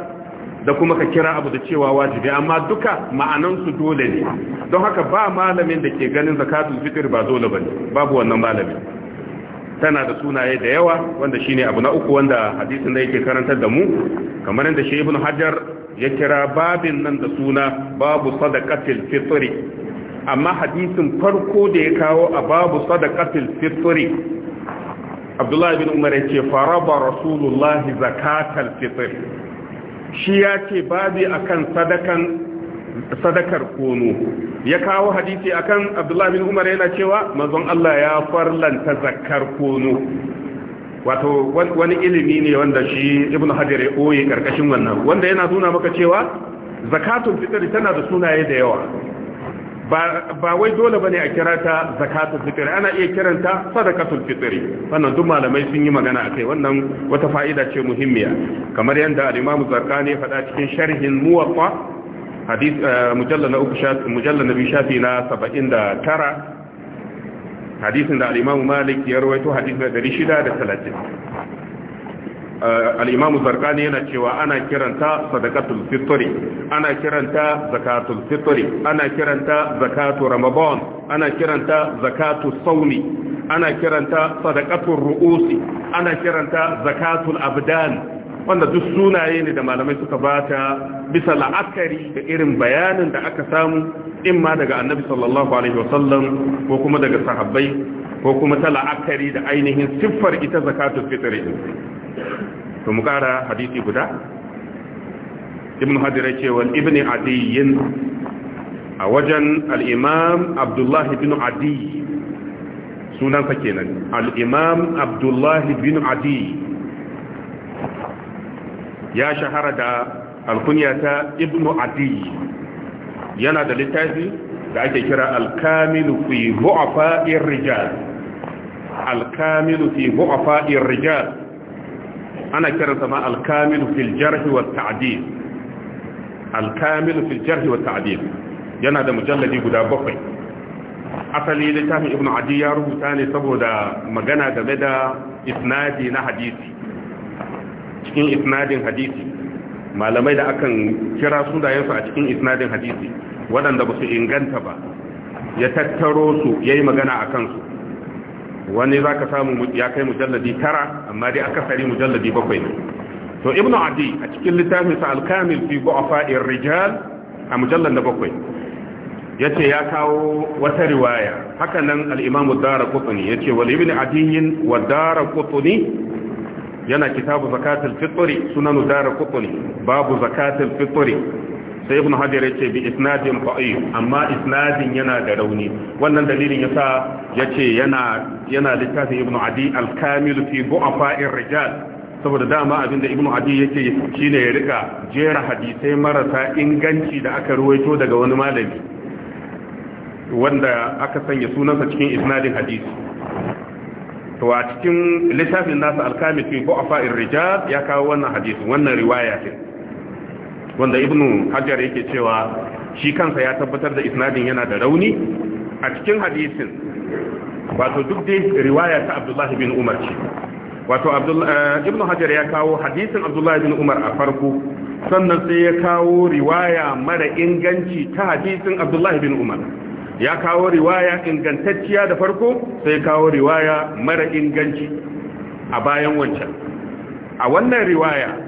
da kuma ka kira abu da cewa wajibi amma duka ma'anansu dole ne don haka ba malamin da ke ganin zakatul fitr ba dole bane babu wannan malamin tana da sunaye da yawa wanda shine abu na uku wanda hadisin da yake karantar da mu kamar yadda shi ibn hajar ya kira babin nan da suna babu sadaqatul fitr amma hadisin farko da ya kawo a babu sadaqatul fitri Abdullah ibn Umar yake faraba Rasulullahi zakatal fitr shi yace babi akan sadakan sadakar kono ya kawo hadisi akan Abdullah ibn Umar yana cewa manzon Allah ya farlanta zakar kono wato wani ilimi ne wanda shi Ibn Hajar ya oye karkashin wannan wanda yana nuna maka cewa zakatul fitr tana da sunaye da yawa ba wai dole bane a kira ta zakatul fitr ana iya kiranta sadaqatul fitr wannan duk malamai sun yi magana akai wannan wata fa'ida ce muhimmiya kamar yanda al-Imam Zarqani faɗa cikin sharhin Muwatta hadith eh, mujallal na uku shafi mujallal nabi shafi na 79 hadisin da al-Imam Malik ya rawaito hadith na 630 al Zarkani yana cewa ana kiranta sadakatul fitri ana kiranta zakatul fitri ana kiranta zakatu ramadan ana kiranta zakatu sawmi ana kiranta sadakatul ru'usi ana kiranta zakatul abdan wanda duk sunaye ne da malamai suka bata bisa la'akari da irin bayanin da aka samu in ma daga annabi sallallahu alaihi wasallam ko kuma daga sahabbai ko kuma ta la'akari da ainihin siffar ita zakatul fitri to mu kara hadisi guda ibn hajar cewa wal ibn adiyyin a wajen al Abdullahi bin ibn adiy sunansa kenan al Abdullahi bin ibn ya shahara da alkunya ta ibn adiy yana da littafi da ake kira alkamilu fi bu'afa'ir rijal alkamilu fi bu'afa'ir rijal ana kiransa ma al fil jarh wa ta'dil al fil wa ta'dil yana da mujalladi guda bakwai asali littafin ibnu adi ya rubuta ne saboda magana game da isnadi na hadisi cikin isnadin hadisi malamai da akan kira sunayensu a cikin isnadin hadisi waɗanda ba su inganta ba ya tattaro su ya yi magana a kansu wani za ka samu ya kai mujalladi tara amma dai akasari mujalladi bakwai ne to ibnu adi a cikin littafinsa alkamil fi bu'afa'ir rijal a mujallar da bakwai ya ce ya kawo wata riwaya nan al'imamu dara kutuni ya ce wal ibn adiyin wa dara kutuni yana kitabu zakatul fitri sunanu dara kutuni babu zakatul fitri sai ibn hajar yace bi isnadin amma isnadin yana da rauni wannan dalilin yasa yace yana yana littafin ibn adi al-kamil fi bu'afa'ir rijal saboda dama abinda ibn adi yake shine ya rika jera hadisai marasa inganci da aka ruwaito daga wani malami wanda aka sanya sunansa cikin isnadin hadisi to a cikin littafin nasa al-kamil fi bu'afa'ir rijal ya kawo wannan hadisi wannan riwaya ce wanda ibnu hajar yake cewa shi kansa ya tabbatar da isnadin yana da rauni a cikin hadisin wato duk dai riwaya ta abdullahi bin umar ce wato eh, ibnu hajar ya kawo hadisin abdullahi bin umar a farko sannan sai ya kawo riwaya mara inganci ta hadisin abdullahi bin umar ya kawo riwaya ingantacciya da farko sai kawo riwaya mara inganci a bayan wancan a wannan riwaya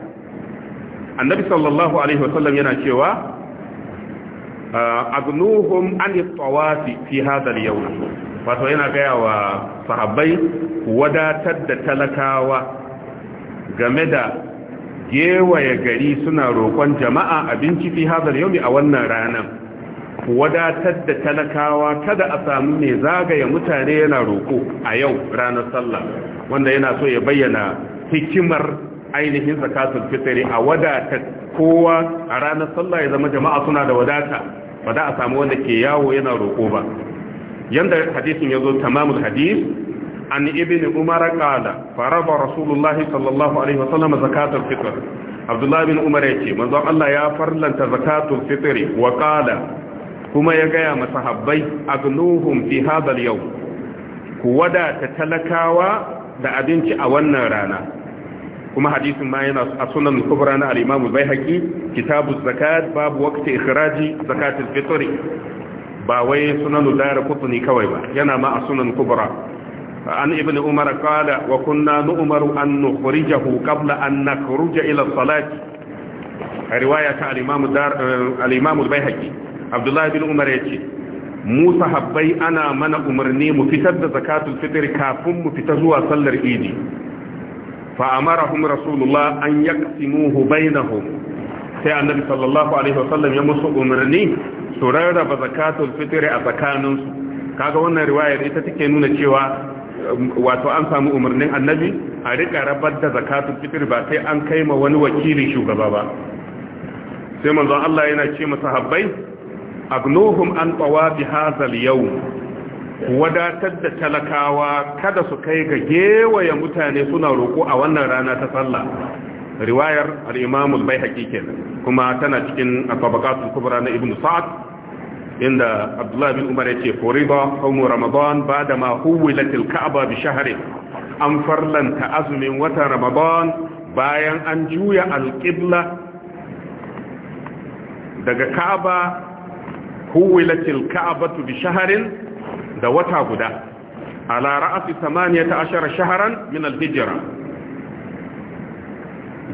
annabi sallallahu alaihi wasallam yana cewa ah, agnuhum an tawafi fi hadha al-yawm wato yana gaya wa sahabbai wadatar da talakawa game da gewaye gari suna roƙon jama'a abinci fi hadha al-yawm a wannan ranar wadatar da talakawa kada a samu mai zagaya mutane yana roƙo a yau ranar sallah wanda yana so ya bayyana hikimar ainihin zakatul fitri a wadata kowa a ranar sallah ya zama jama'a suna da wadata ba za a samu wanda ke yawo yana roƙo ba yanda hadisin yazo tamamul hadis an ibn umar qala faraba rasulullahi sallallahu alaihi wasallam zakatul fitr abdullah bin umar yace manzon Allah ya farlanta zakatul fitri wa qala kuma ya gaya masahabbai agnuhum fi hadha al-yawm ku wadata talakawa da abinci a wannan rana kuma hadisin ma yana a sunan kubra na al-imam zaihaqi kitabu zakat babu waqti ikhraji zakat al-fitr ba wai sunan dara kutni kawai ba yana ma a sunan kubra an ibn umar qala wa kunna nu'maru an nukhrijahu qabla an nakhruja ila salati riwaya ta al-imam dar eh, al-imam al-baihaqi abdullah ibn umar yace mu sahabbai ana mana umarni mu fitar da zakatul fitr kafin mu fita zuwa sallar idi fa amarahum rasulullah an yaqsimuhu bainahum sai annabi sallallahu alaihi wasallam ya musu umarni su rarraba zakatul fitiri a tsakaninsu kaga wannan riwayar ita take nuna cewa wato an samu umarnin annabi a rika rabar da zakatu fitr ba sai an kai ma wani wakili shugaba ba sai manzon Allah yana ce masahabbai agnuhum an tawafi hadha al-yawm wadatar da talakawa kada su kai ga gewaye mutane suna roƙo a wannan rana ta sallah riwayar al bai al kuma tana cikin at-tabaqat al-kubra na ibn Sa'ad. inda Abdullahi bin umar yace furiba sawmu ramadan ba'da ma huwilat al-ka'ba bi shahrin an farlanta azumin watan ramadan bayan an juya al-qibla daga ka'aba huwilatil ka'abatu bi shaharin da wata guda ala ra'asi 18 shaharan min al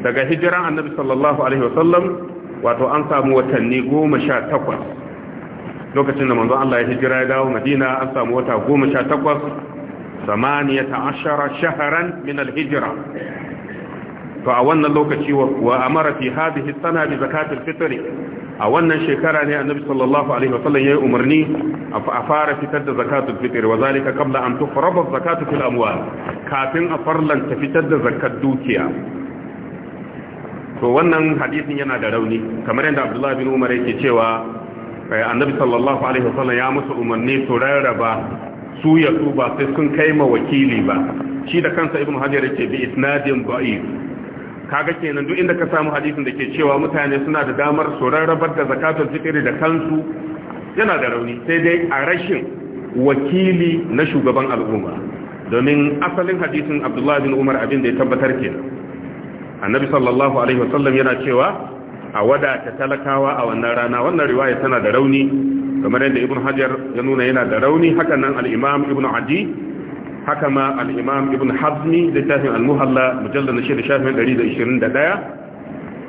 daga hijira annabi sallallahu alaihi wasallam wato an samu watanni 18 lokacin da manzon Allah ya hijira ya dawo Madina an samu wata 18 18 shaharan min al to a wannan lokaci wa amara fi hadhihi sana bi zakatul fitr a wannan shekara ne annabi sallallahu alaihi wasallam yayi umarni a fara fitar da zakatul fitr wa zalika qabla an tufrada zakatu fil amwal kafin a farlanta fitar da zakat dukiya to wannan hadisin yana da rauni kamar yadda Abdullahi bin Umar yake cewa eh, annabi sallallahu alaihi wasallam ya musu umarni to rarraba su ya su ba sai sun kai ma wakili ba shi da kansa ibn hajar yake bi isnadin da'if kaga kenan duk inda ka samu hadisin da ke cewa mutane suna da damar su rarrabar da zakatun fitiri da kansu yana da rauni sai dai a rashin wakili na shugaban al'umma domin asalin hadisin Abdullahi bin Umar abin da ya tabbatar kenan annabi sallallahu alaihi wasallam yana cewa a wada ta talakawa a wannan rana wannan riwaya tana da rauni kamar yadda ibn hajar ya nuna yana da rauni hakanan nan al-imam ibn adi haka ma al-imam ibn hazmi littafin al-muhalla mujallal na shida shafin 121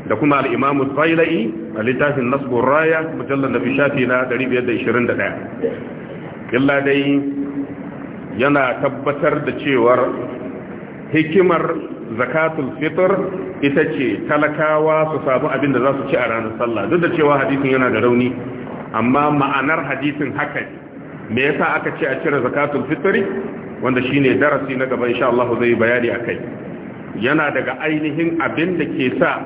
da kuma al'imamu tsaila'i a littafin nasbun raya mujallar da shafi na 521 illa dai yana tabbatar da cewar hikimar zakatul fitr ita ce talakawa su samu abin da za su ci a ranar sallah duk da cewa hadisin yana da rauni amma ma'anar hadisin haka me yasa aka ce a cire zakatul fitr wanda shine darasi na gaba insha Allah zai yi bayani a kai yana daga ainihin abin da ke sa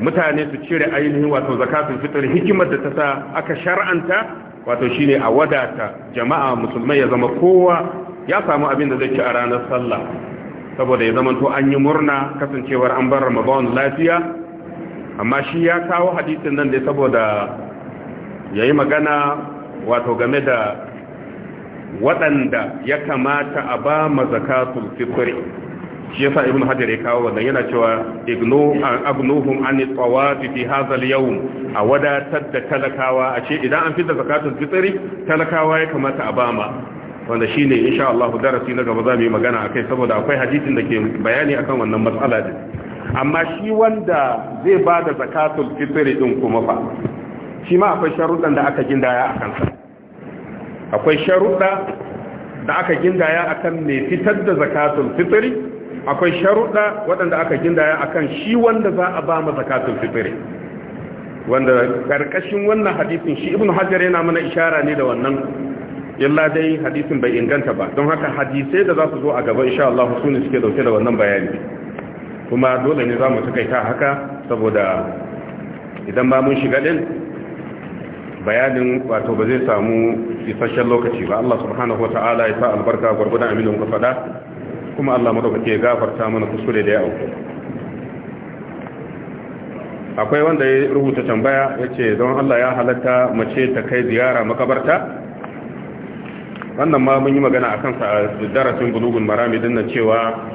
mutane su cire ainihin wato zakatun fitar hikimar da ta sa aka shar'anta wato shine a wadata jama'a musulman ya zama kowa ya samu abin da zai ci a ranar sallah saboda ya zama to an yi murna kasancewar an bar Ramadan lafiya amma shi ya kawo hadisin nan da saboda yayi magana wato game da waɗanda ya kamata a ba ma zakatul fitri shi yasa ibn hajar ya kawo wannan yana cewa ignu an agnuhum an tawafi fi hadha al-yawm a wadatar da talakawa a ce idan an fita zakatul fitr talakawa ya kamata a ba ma wanda shine insha Allah darasi na gaba zamu yi magana akai saboda akwai hadisin da ke bayani akan wannan matsala din amma shi wanda zai ba da zakatul fitr din kuma fa shi ma akwai sharuɗan da aka gindaya a kansa akwai sharuɗa da aka gindaya akan mai fitar da zakatun fitiri. akwai sharuɗa waɗanda aka gindaya akan shi wanda za a ba ma zakatun fitiri. wanda ƙarƙashin wannan hadisin shi ibnu hajar yana mana ishara ne da wannan illa dai hadisin bai inganta ba don haka hadisai da za su zo a gaba insha Allah su ne suke dauke da wannan bayani kuma dole ne za mu takaita haka saboda idan ba mun shiga din bayanin wato ba zai samu isasshen lokaci ba Allah subhanahu wa ta'ala ya sa albarka gwargwadon abin da muka kuma Allah madaukake ya gafarta mana kuskure da ya auku akwai wanda ya rubuta tambaya ya ce don Allah ya halatta mace ta kai ziyara makabarta wannan ma mun yi magana a kansa a darasin Bulugun marami din cewa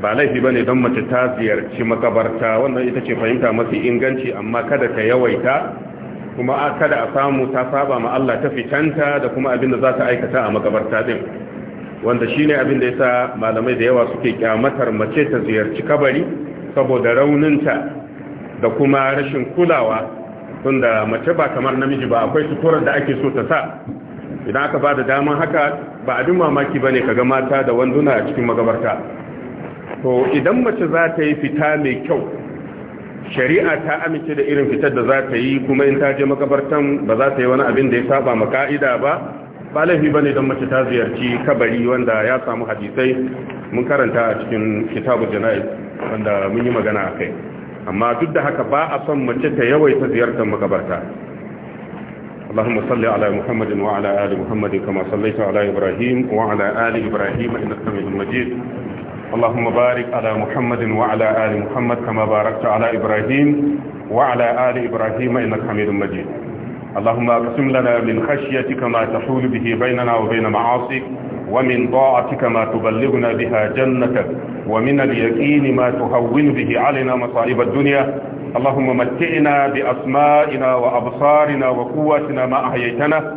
ba laifi ba ne don mace ta ziyarci makabarta wannan ita ce fahimta mafi inganci amma kada ta yawaita kuma kada a samu ta saba ma Allah ta fitanta da kuma abin da za ta aikata a makabarta din wanda shine abin da yasa malamai da yawa suke kyamatar mace ta ziyarci kabari saboda rauninta da kuma rashin kulawa tunda mace ba kamar namiji ba akwai suturar da ake so ta sa idan aka ba da daman haka ba abin mamaki bane kaga mata da wanduna a cikin magabarta to idan mace za ta yi fita mai kyau shari'a ta amince da irin fitar da za ta yi kuma in ta je makabartan ba za ta yi wani abin da ya saba ma ka'ida ba ba laifi ba ne don mace ta ziyarci kabari wanda ya samu hadisai mun karanta a cikin kitabu jana'iz wanda mun yi magana a kai amma duk da haka ba a son mace ta yawaita ziyartar makabarta اللهم صل على محمد وعلى ال محمد كما صليت على ابراهيم وعلى ال ابراهيم انك حميد مجيد اللهم بارك على محمد وعلى آل محمد كما باركت على إبراهيم وعلى آل إبراهيم إنك حميد مجيد اللهم اقسم لنا من خشيتك ما تحول به بيننا وبين معاصيك ومن طاعتك ما تبلغنا بها جنتك ومن اليقين ما تهون به علينا مصائب الدنيا اللهم متعنا بأسمائنا وأبصارنا وقواتنا ما أحييتنا